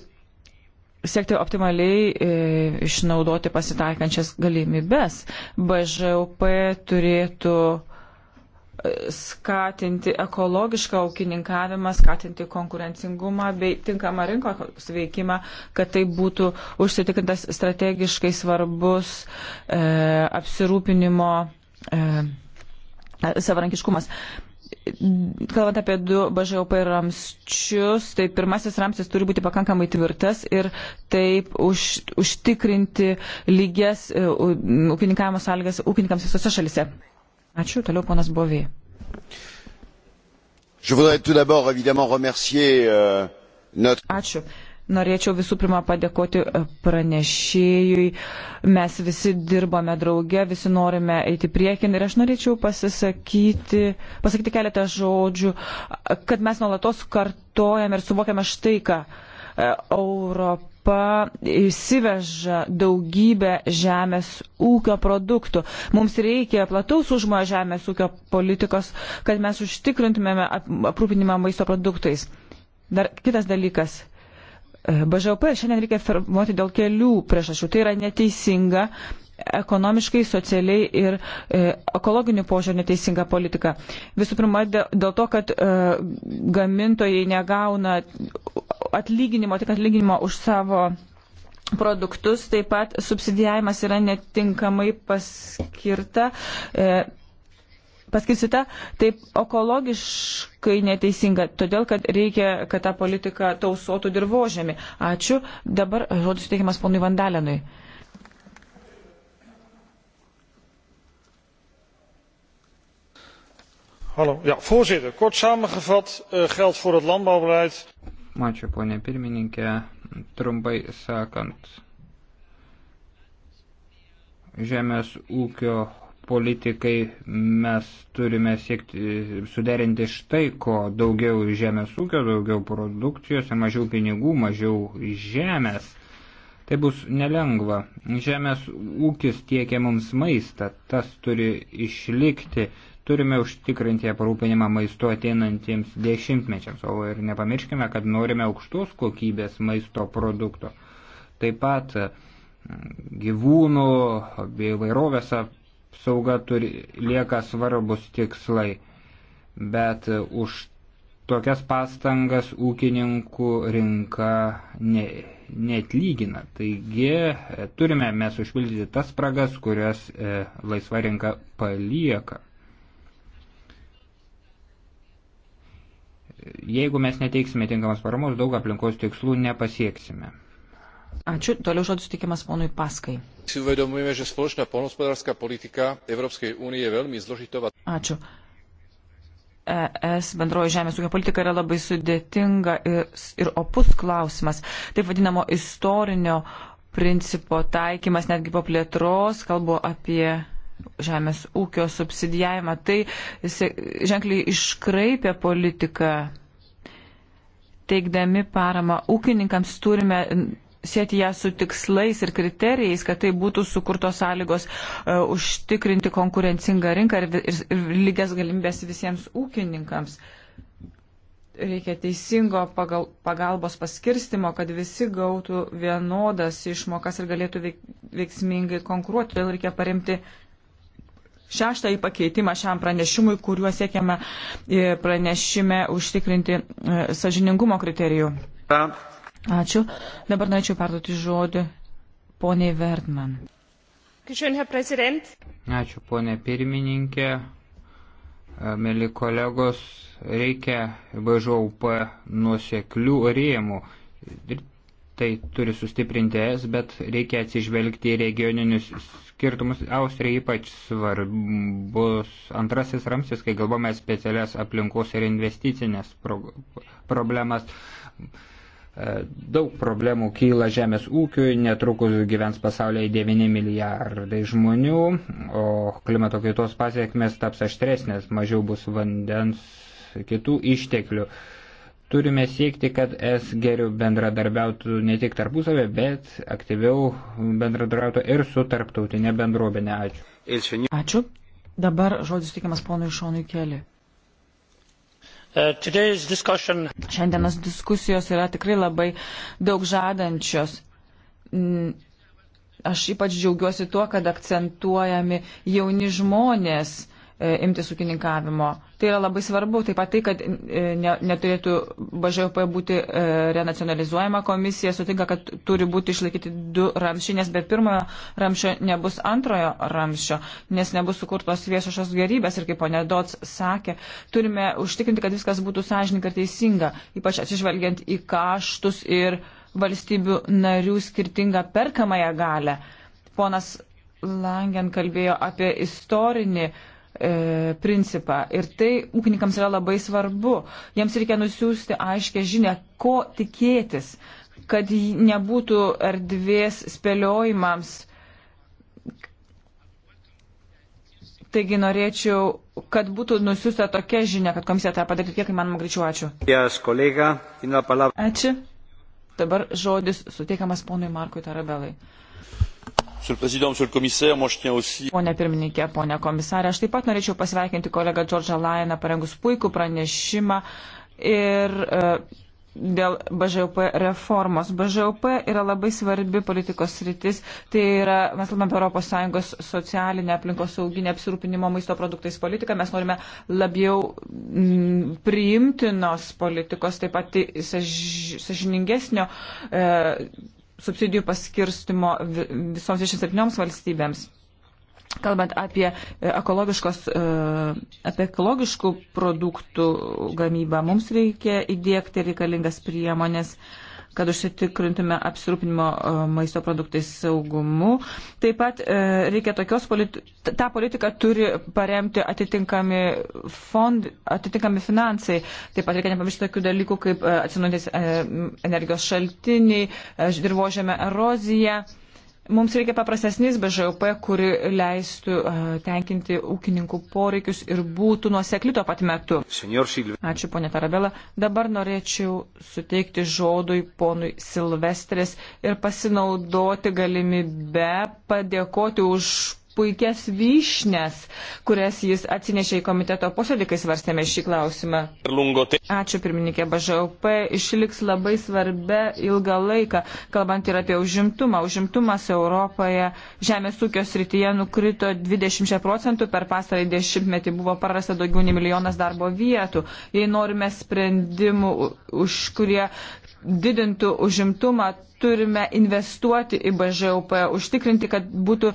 siekti optimaliai e, išnaudoti pasitaikančias galimybes. BŽUP turėtų e, skatinti ekologišką ūkininkavimą, skatinti konkurencingumą bei tinkamą rinkos veikimą, kad tai būtų užsitikrintas strategiškai svarbus e, apsirūpinimo e, savarankiškumas. E, kalbant apie du BŽOP ramščius, tai pirmasis ramstis turi būti pakankamai tvirtas ir taip už, užtikrinti lygias e, ūkininkavimo sąlygas ūkininkams visose šalise. Ačiū, toliau ponas Bovė. Je voudrais tout d'abord évidemment remercier euh, notre. Ačiū. Norėčiau visų pirma padėkoti e, pranešėjui. Mes visi dirbame drauge, visi norime eiti priekin ir aš norėčiau pasisakyti, pasakyti keletą žodžių, kad mes nuolatos kartojame ir suvokiame štai ką. E, Europą. Įsiveža daugybę žemės ūkio produktų. Mums reikia plataus užmojo žemės ūkio politikos, kad mes užtikrintumėme aprūpinimą maisto produktais. Dar kitas dalykas BŽP šiandien reikia formuoti dėl kelių priešašių. Tai yra neteisinga ekonomiškai, socialiai ir e, ekologiniu požiūriu neteisinga politika. Visų pirma, dėl to, kad e, gamintojai negauna atlyginimo, tik atlyginimo už savo produktus, taip pat subsidijavimas yra netinkamai paskirta. E, paskirsita taip ekologiškai neteisinga, todėl kad reikia, kad ta politika tausotų dirbožėmį. Ačiū. Dabar žodis teikiamas ponui Vandalenui. Hallo. Ja, voorzitter, kort samengevat uh, geldt voor het landbouwbeleid. Ačiū, ponė pirmininkė. Trumpai sakant, žemės ūkio politikai mes turime siekti suderinti štai, ko daugiau žemės ūkio, daugiau produkcijos ir mažiau pinigų, mažiau žemės. Tai bus nelengva. Žemės ūkis tiekia mums maistą, tas turi išlikti. Turime užtikrinti aprūpinimą maisto ateinantiems dešimtmečiams, o ir nepamirškime, kad norime aukštos kokybės maisto produkto. Taip pat mm, gyvūnų bei vairovės sauga turi, lieka svarbus tikslai, bet už tokias pastangas ūkininkų rinka ne, netlygina. Taigi e, turime mes užpildyti tas spragas, kurias e, laisva rinka palieka. Jeigu mes neteiksime tinkamos paramos, daug aplinkos tikslų nepasieksime. Ačiū. Toliau žodis sutikimas ponui Paskai. Si uvedomujeme, že spoločná polnospodárska politika Európskej únie je veľmi zložitová. Ačiū. ES bendroji žemės ūkio politika yra labai sudėtinga ir, ir opus klausimas. Taip vadinamo istorinio principo taikymas netgi po plėtros, kalbu apie žemės ūkio subsidijavimą, tai ženkliai iškraipė politiką. Teikdami paramą ūkininkams turime sėti ją su tikslais ir kriterijais, kad tai būtų sukurtos sąlygos uh, užtikrinti konkurencingą rinką ir, ir, ir lygias galimybės visiems ūkininkams. Reikia teisingo pagal, pagalbos paskirstimo, kad visi gautų vienodas išmokas ir galėtų veik, veiksmingai konkuruoti. Todėl reikia paremti šeštąjį pakeitimą šiam pranešimui, kuriuo siekiame pranešime užtikrinti e, sažiningumo kriterijų. Ta. Ačiū. Dabar norėčiau perduoti žodį poniai Vertman. Ačiū, ponė pirmininkė. E, mėly kolegos, reikia BŽUP nuoseklių rėmų. Tai turi sustiprinti es, bet reikia atsižvelgti į regioninius skirtumus. Austrija ypač svarbus antrasis ramsis, kai galvome specialias aplinkos ir investicinės pro problemas E, daug problemų kyla žemės ūkiui, netrukus gyvens pasaulyje 9 milijardai žmonių, o klimato kaitos pasiekmes taps aštresnės, mažiau bus vandens kitų išteklių. Turime siekti, kad es geriau bendradarbiautų ne tik tarpusavę, bet aktyviau bendradarbiautų ir su tarptautinė bendruomenė. Ačiū. Ačiū. Dabar žodis tikimas ponui Šonui Keliui. Uh, discussion... Šiandienos diskusijos yra tikrai labai daug žadančios. Aš ypač džiaugiuosi tuo, kad akcentuojami jauni žmonės e, imtis ūkininkavimo. Tai yra labai svarbu. Taip pat tai, kad e, ne, neturėtų BŽP būti e, renacionalizuojama komisija, sutinka, kad turi būti išlaikyti du ramšiai, nes be pirmojo ramšio nebus antrojo ramšio, nes nebus sukurtos viešosios gerybės. Ir kaip ponė Dots sakė, turime užtikrinti, kad viskas būtų sąžininkai ir teisinga, ypač atsižvelgiant į kaštus ir valstybių narių skirtingą perkamąją galę. Ponas Langen kalbėjo apie istorinį e, principą. Ir tai ūkininkams yra labai svarbu. Jiems reikia nusiųsti aiškę žinę, ko tikėtis, kad nebūtų erdvės spėliojimams. Taigi norėčiau, kad būtų nusiusta tokia žinia, kad komisija tą padarytų kiek įmanoma greičiau. Ačiū. Ačiū. Dabar žodis suteikiamas ponui Markui Tarabelai. Pone pirmininkė, pone komisarė, aš taip pat norėčiau pasveikinti kolegą Džordžą Lainą parengus puikų pranešimą ir e, dėl BŽP reformos. BŽP yra labai svarbi politikos rytis, tai yra, mes kalbame apie ES socialinę aplinkos sauginę apsirūpinimo maisto produktais politiką, mes norime labiau m, mm, priimtinos politikos, taip pat tai, saž, sažiningesnio. E, subsidijų paskirstimo visoms 27 valstybėms. Kalbant apie, e, e, apie ekologiškų produktų gamybą, mums reikia įdėkti reikalingas priemonės. Uh, kad užsitikrintume apsirūpinimo e, maisto produktais saugumu. Taip pat e, reikia tokios politikos, tą politiką turi paremti atitinkami, fond, atitinkami finansai. Taip pat reikia nepamiršti tokių dalykų kaip e, atsinaujantis energijos šaltiniai, dirbožėme erozija. Mums reikia paprastesnės BŽUP, kuri leistų uh, tenkinti ūkininkų poreikius ir būtų nuosekli tuo pat metu. Ačiū, ponė Tarabela. Dabar norėčiau suteikti žodui ponui Silvestris ir pasinaudoti galimybę padėkoti už puikias vyšnes, kurias jis atsinešė į komiteto posėdį, kai svarstėme šį klausimą. Ačiū pirmininkė BŽOP, išliks labai svarbia ilgą laiką, kalbant ir apie užimtumą. Užimtumas Europoje žemės ūkio srityje nukrito 20 procentų, per pastarąjį dešimtmetį buvo prarasta daugiau nei milijonas darbo vietų. Jei norime sprendimų, už kurie didintų užimtumą, turime investuoti į BŽOP, užtikrinti, kad būtų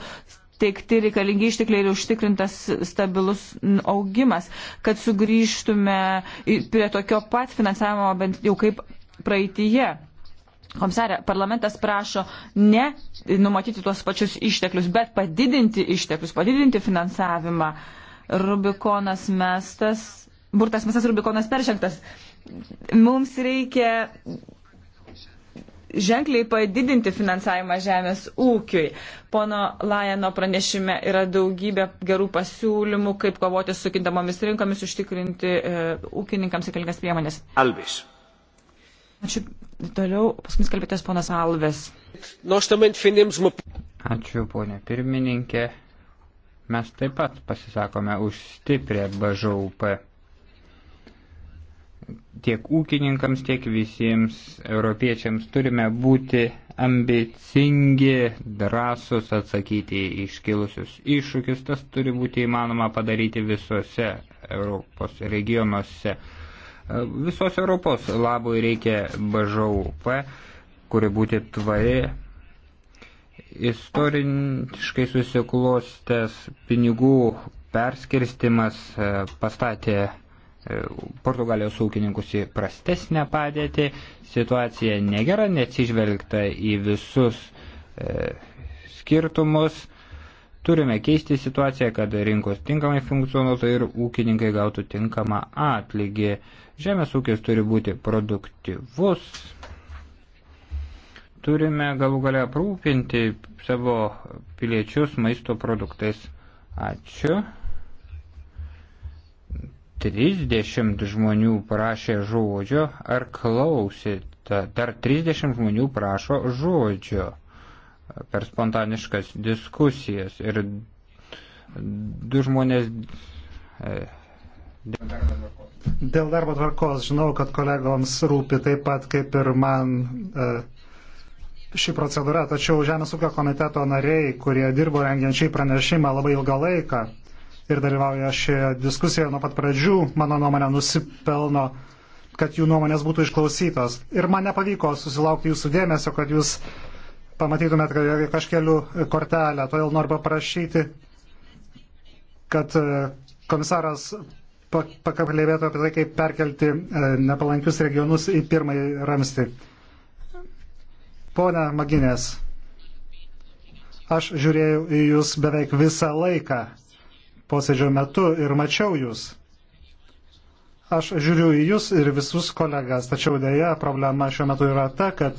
suteikti reikalingi ištekliai ir užtikrintas stabilus augimas, kad sugrįžtume prie tokio pat finansavimo bent jau kaip praeitįje. Komisarė, parlamentas prašo ne numatyti tuos pačius išteklius, bet padidinti išteklius, padidinti finansavimą. Rubikonas mestas, burtas mestas Rubikonas peržengtas. Mums reikia ženkliai padidinti finansavimą žemės ūkiui. Pono Lajano pranešime yra daugybė gerų pasiūlymų, kaip kovoti su kintamomis rinkomis, užtikrinti e, ūkininkams reikalingas priemonės. Alvis. Ačiū. Toliau paskutinis kalbėtės ponas Alves. Ačiū, ponė pirmininkė. Mes taip pat pasisakome už stiprią BŽUP tiek ūkininkams, tiek visiems europiečiams turime būti ambicingi, drąsus atsakyti į iškilusius iššūkius. Tas turi būti įmanoma padaryti visose Europos regionuose. Visos Europos labui reikia BŽUP, kuri būti tvari. Istoriškai susiklostęs pinigų perskirstimas pastatė E, Portugalijos ūkininkus į prastesnę padėtį, situacija negera, neatsižvelgta į visus e, skirtumus, turime keisti situaciją, kad rinkos tinkamai funkcionuotų ir ūkininkai gautų tinkamą atlygį. Žemės ūkis turi būti produktyvus. Turime galų galę aprūpinti savo piliečius maisto produktais. Ačiū. 30 žmonių prašė žodžio ar klausėte, dar 30 žmonių prašo žodžio per spontaniškas diskusijas ir du žmonės e, dėl darbo tvarkos. Dėl darbo tvarkos žinau, kad kolegoms rūpi taip pat kaip ir man e, ši procedūra, tačiau Žemės ūkio komiteto nariai, kurie dirbo rengiant šį pranešimą labai ilgą laiką, ir dalyvauja šioje diskusijoje nuo pat pradžių, mano nuomonė, nusipelno, kad jų nuomonės būtų išklausytos. Ir man nepavyko susilaukti jūsų dėmesio, kad jūs pamatytumėt, kad aš keliu kortelę. Todėl noriu paprašyti, kad e, komisaras pakablėvėtų apie tai, kaip perkelti e, nepalankius regionus į pirmąjį ramstį. Pone Maginės, aš žiūrėjau į jūs beveik visą laiką posėdžio metu ir mačiau jūs. Aš žiūriu į jūs ir visus kolegas, tačiau dėja problema šiuo metu yra ta, kad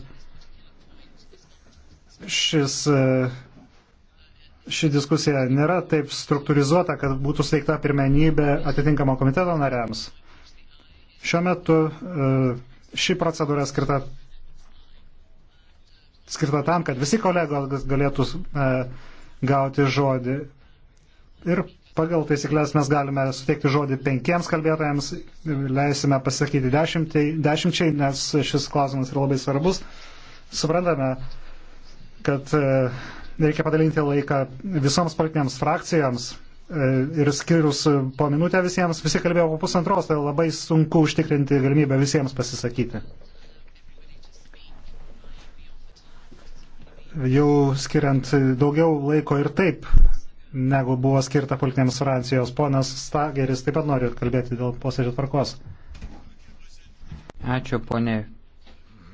šis, ši diskusija nėra taip struktūrizuota, kad būtų steigta pirmenybė atitinkamo komiteto nariams. Šiuo metu e, ši procedūra skirta skirta tam, kad visi kolegos galėtų e, gauti žodį. Ir Pagal taisyklės mes galime suteikti žodį penkiems kalbėtojams, leisime pasakyti dešimtai, dešimčiai, nes šis klausimas yra labai svarbus. Suprantame, kad e, reikia padalinti laiką visoms politinėms frakcijoms e, ir skirius po minutę visiems, visi kalbėjo po pusantros, tai labai sunku užtikrinti galimybę visiems pasisakyti. Jau skiriant daugiau laiko ir taip negu buvo skirta politinėms racijos. Ponas Stageris taip pat nori kalbėti dėl posėdžio tvarkos. Ačiū, ponė.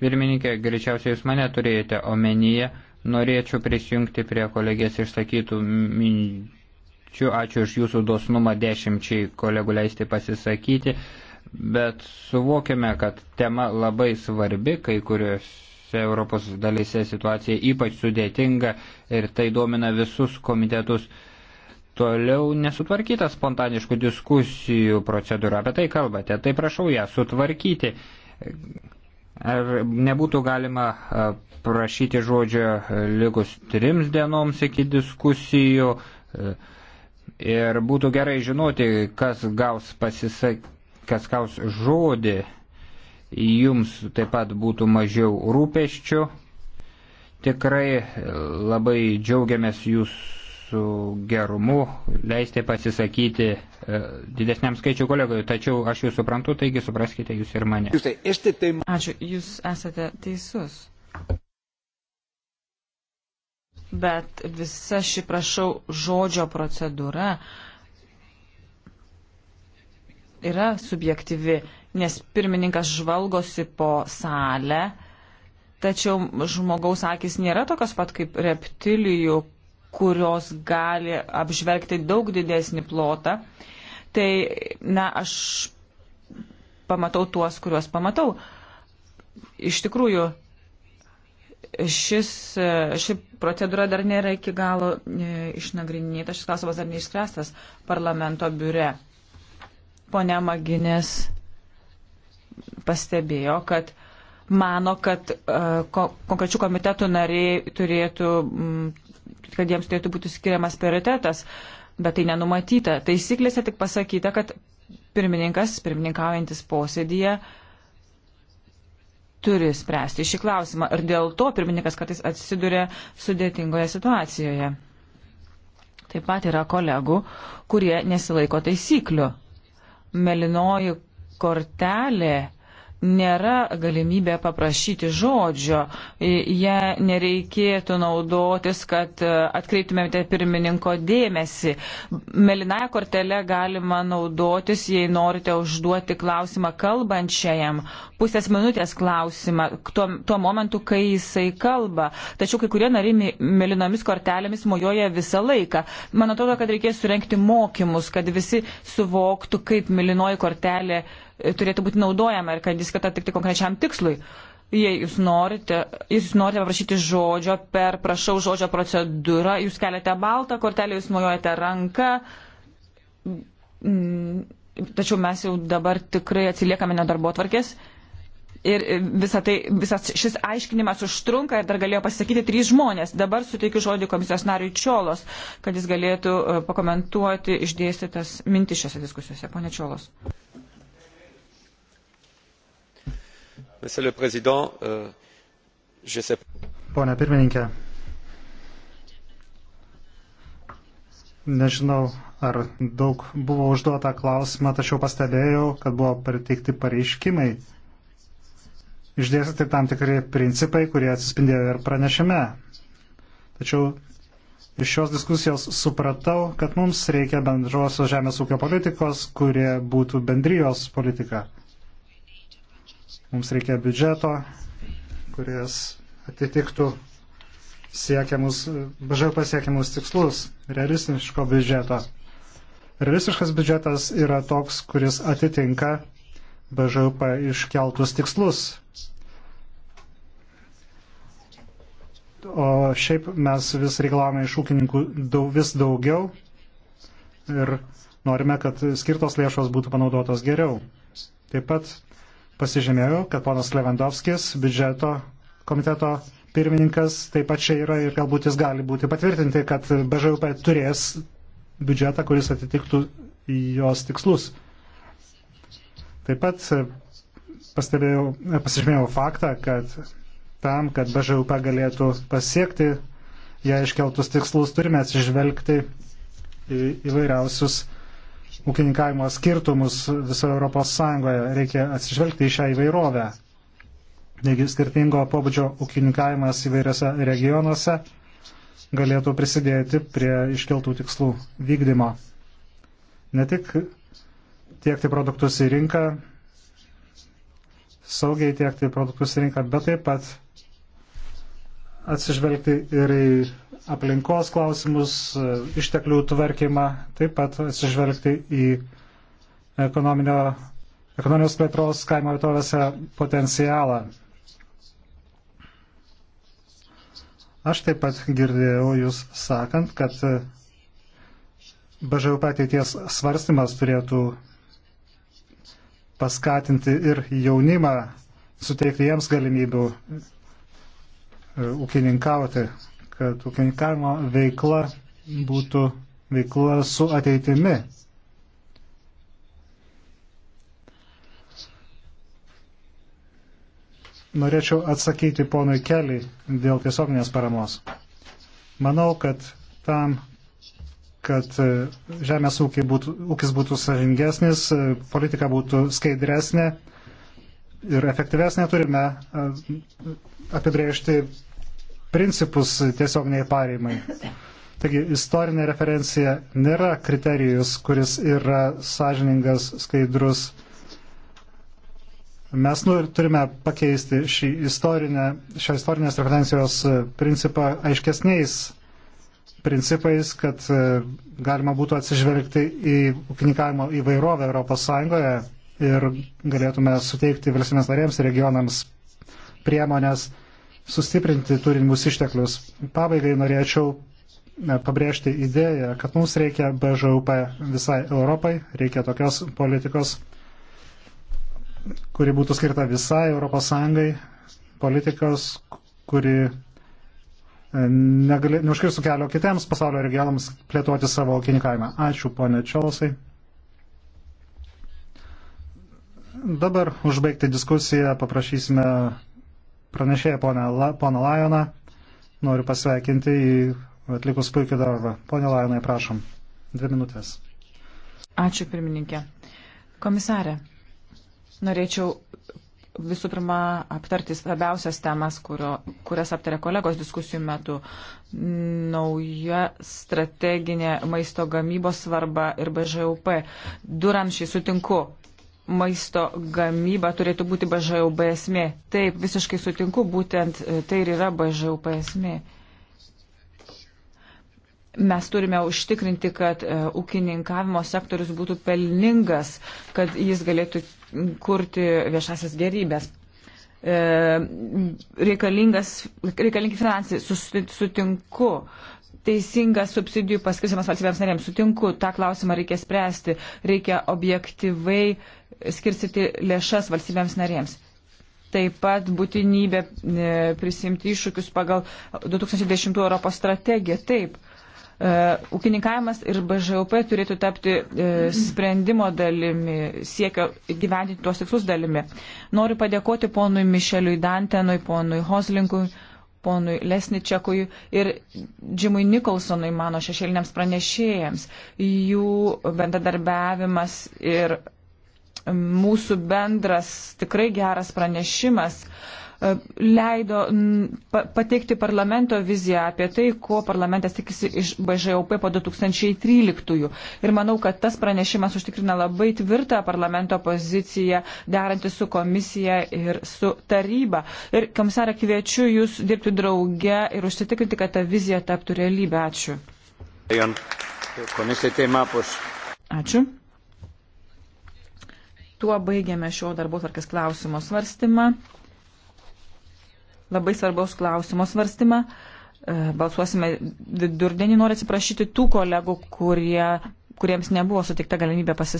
Pirmininkė, greičiausiai jūs mane turėjote omenyje. Norėčiau prisijungti prie kolegės išsakytų minčių. Ačiū už jūsų dosnumą dešimčiai kolegų leisti pasisakyti. Bet suvokiame, kad tema labai svarbi, kai kurios kitose Europos dalyse situacija ypač sudėtinga ir tai domina visus komitetus. Toliau nesutvarkyta spontaniškų diskusijų procedūra, apie tai kalbate, tai prašau ją sutvarkyti. Ar nebūtų galima prašyti žodžio likus trims dienoms iki diskusijų ir būtų gerai žinoti, kas gaus pasisak, kas gaus žodį jums taip pat būtų mažiau rūpeščių. Tikrai labai džiaugiamės jūsų gerumu, leisti pasisakyti e, didesniam skaičiu kolegų, tačiau aš jūs suprantu, taigi supraskite jūs ir mane. Ačiū, jūs esate teisus. Bet visa ši, prašau, žodžio procedūra yra subjektyvi nes pirmininkas žvalgosi po salę, tačiau žmogaus akis nėra tokios pat kaip reptilijų, kurios gali apžvelgti daug didesnį plotą. Tai, na, aš pamatau tuos, kuriuos pamatau. Iš tikrųjų, šis, ši procedūra dar nėra iki galo e, išnagrinėta, šis klausimas dar neišspręstas parlamento biure. Pone Maginės pastebėjo, kad mano, kad e, konkrečių komitetų nariai turėtų, mm, kad jiems turėtų būti skiriamas prioritetas, bet tai nenumatyta. Taisyklėse tik pasakyta, kad pirmininkas, pirmininkaujantis posėdėje, turi spręsti šį klausimą ir dėl to pirmininkas kartais atsiduria sudėtingoje situacijoje. Taip pat yra kolegų, kurie nesilaiko taisyklių. Melinoji kortelė nėra galimybė paprašyti žodžio, ją nereikėtų naudotis, kad e, atkreiptumėte pirmininko dėmesį. Melinąją kortelę galima naudotis, jei norite užduoti klausimą kalbančiajam, pusės minutės klausimą, tuo, tuo momentu, kai jisai kalba. Tačiau kai kurie nariai melinomis kortelėmis mojoja visą laiką. Man atrodo, kad reikės surenkti mokymus, kad visi suvoktų, kaip melinoji kortelė turėtų būti naudojama ir kad jis skirta tik tai konkrečiam tikslui. Jei jūs norite, jūs norite paprašyti žodžio per prašau žodžio procedūrą, jūs keliate baltą kortelę, jūs mojuojate ranką. Mm, tačiau mes jau dabar tikrai atsiliekame nuo darbo tvarkės. Ir visa tai, visas šis aiškinimas užtrunka ir dar galėjo pasisakyti trys žmonės. Dabar suteikiu žodį komisijos nariui Čiolos, kad jis galėtų e, pakomentuoti išdėstytas mintis šiose diskusijose. Pone Čiolos. Monsieur le Président, euh, je sais. Pone pirmininkė, nežinau, ar daug buvo užduota klausimą, tačiau pastebėjau, kad buvo pateikti pareiškimai, išdėstyti tam tikri principai, kurie atsispindėjo ir pranešime. Tačiau Iš šios diskusijos supratau, kad mums reikia bendrosios žemės ūkio politikos, kurie būtų bendrijos politika. Mums reikia biudžeto, kuris atitiktų siekiamus, bažiau pasiekiamus tikslus, realistiško biudžeto. Realistiškas biudžetas yra toks, kuris atitinka BŽP iškeltus tikslus. O šiaip mes vis reikalavome iš ūkininkų daug, vis daugiau ir norime, kad skirtos lėšos būtų panaudotos geriau. Taip pat Pasižymėjau, kad ponas Levandovskis, biudžeto komiteto pirmininkas, taip pat čia yra ir galbūt jis gali būti patvirtinti, kad BŽUP turės biudžetą, kuris atitiktų jos tikslus. Taip pat pasižymėjau faktą, kad tam, kad BŽUP galėtų pasiekti ją iškeltus tikslus, turime atsižvelgti į įvairiausius ūkininkavimo skirtumus visoje Europos Sąjungoje. Reikia atsižvelgti į šią įvairovę. Taigi skirtingo pobūdžio ūkininkavimas įvairiose regionuose galėtų prisidėti prie iškeltų tikslų vykdymo. Ne tik tiekti produktus į rinką, saugiai tiekti produktus į rinką, bet taip pat atsižvelgti ir į aplinkos klausimus, išteklių tvarkymą, taip pat atsižvelgti į ekonominės plėtros kaimo vietovėse potencialą. Aš taip pat girdėjau Jūs sakant, kad BŽUP ateities svarstymas turėtų paskatinti ir jaunimą, suteikti jiems galimybių E, ūkininkauti, kad ūkininkavimo veikla būtų veikla su ateitimi. Norėčiau atsakyti ponui Kelį dėl tiesioginės paramos. Manau, kad tam, kad e, žemės ūkis būtų, ūkis būtų sažingesnis, e, politika būtų skaidresnė ir efektyvesnė, turime apibrėžti principus tiesioginiai pareimai. Taigi istorinė referencija nėra kriterijus, kuris yra sąžiningas, skaidrus. Mes nu, turime pakeisti šį istorinę, šią istorinės referencijos principą aiškesniais principais, kad e, galima būtų atsižvelgti į ūkininkavimo įvairovę ES ir galėtume suteikti valstybės narėms ir regionams priemonės sustiprinti turimus išteklius. Pabaigai norėčiau e, pabrėžti idėją, kad mums reikia BŽUP visai Europai, reikia tokios politikos, kuri būtų skirta visai Europos Sąjungai, politikos, kuri e, negali, neužkirstų kelio kitiems pasaulio regionams plėtoti savo ūkininkavimą. Ačiū, ponė Čelosai. Dabar užbaigti diskusiją paprašysime pranešėją poną La, Lajoną. Noriu pasveikinti į atlikus puikiai darbą. Pone Lajonai, prašom. Dvi minutės. Ačiū, pirmininkė. Komisarė, norėčiau visų pirma aptarti svarbiausias temas, kurio, kurias aptarė kolegos diskusijų metu. Nauja strateginė maisto gamybos svarba ir BŽUP. Duramšiai sutinku, maisto gamyba turėtų būti BŽUP esmė. Taip, visiškai sutinku, būtent e, tai ir yra BŽUP esmė. Mes turime užtikrinti, kad e, ūkininkavimo sektorius būtų pelningas, kad jis galėtų kurti viešasias gerybės. E, reikalingas, reikalingi finansai, sutinku, teisingas subsidijų paskirsimas valstybėms narėms. Sutinku, tą klausimą reikia spręsti. Reikia objektyvai skirsyti lėšas valstybėms narėms. Taip pat būtinybė e, prisimti iššūkius pagal 2010 Europos strategiją. Taip, e, ūkininkavimas ir BŽUP turėtų tapti e, sprendimo dalimi, siekio gyventi tuos tikslus dalimi. Noriu padėkoti ponui Mišeliui Dantenui, ponui Hoslinkui, ponui Lesničekui ir Džimui Nikolsonui, mano šešėliniams pranešėjams. Jų bendradarbiavimas ir mūsų bendras tikrai geras pranešimas e, leido pateikti parlamento viziją apie tai, ko parlamentas tikisi iš BŽOP po 2013. Ir manau, kad tas pranešimas užtikrina labai tvirtą parlamento poziciją, derantį su komisija ir su taryba. Ir, komisarė, kviečiu Jūs dirbti drauge ir užsitikrinti, kad ta vizija taptų realybę. Ačiū. Ačiū. Tuo baigiame šio darbo tvarkės klausimo svarstymą. Labai svarbaus klausimo svarstymą. E, balsuosime vidurdienį. Noriu atsiprašyti tų kolegų, kurie, kuriems nebuvo sutikta galimybė pasisakyti.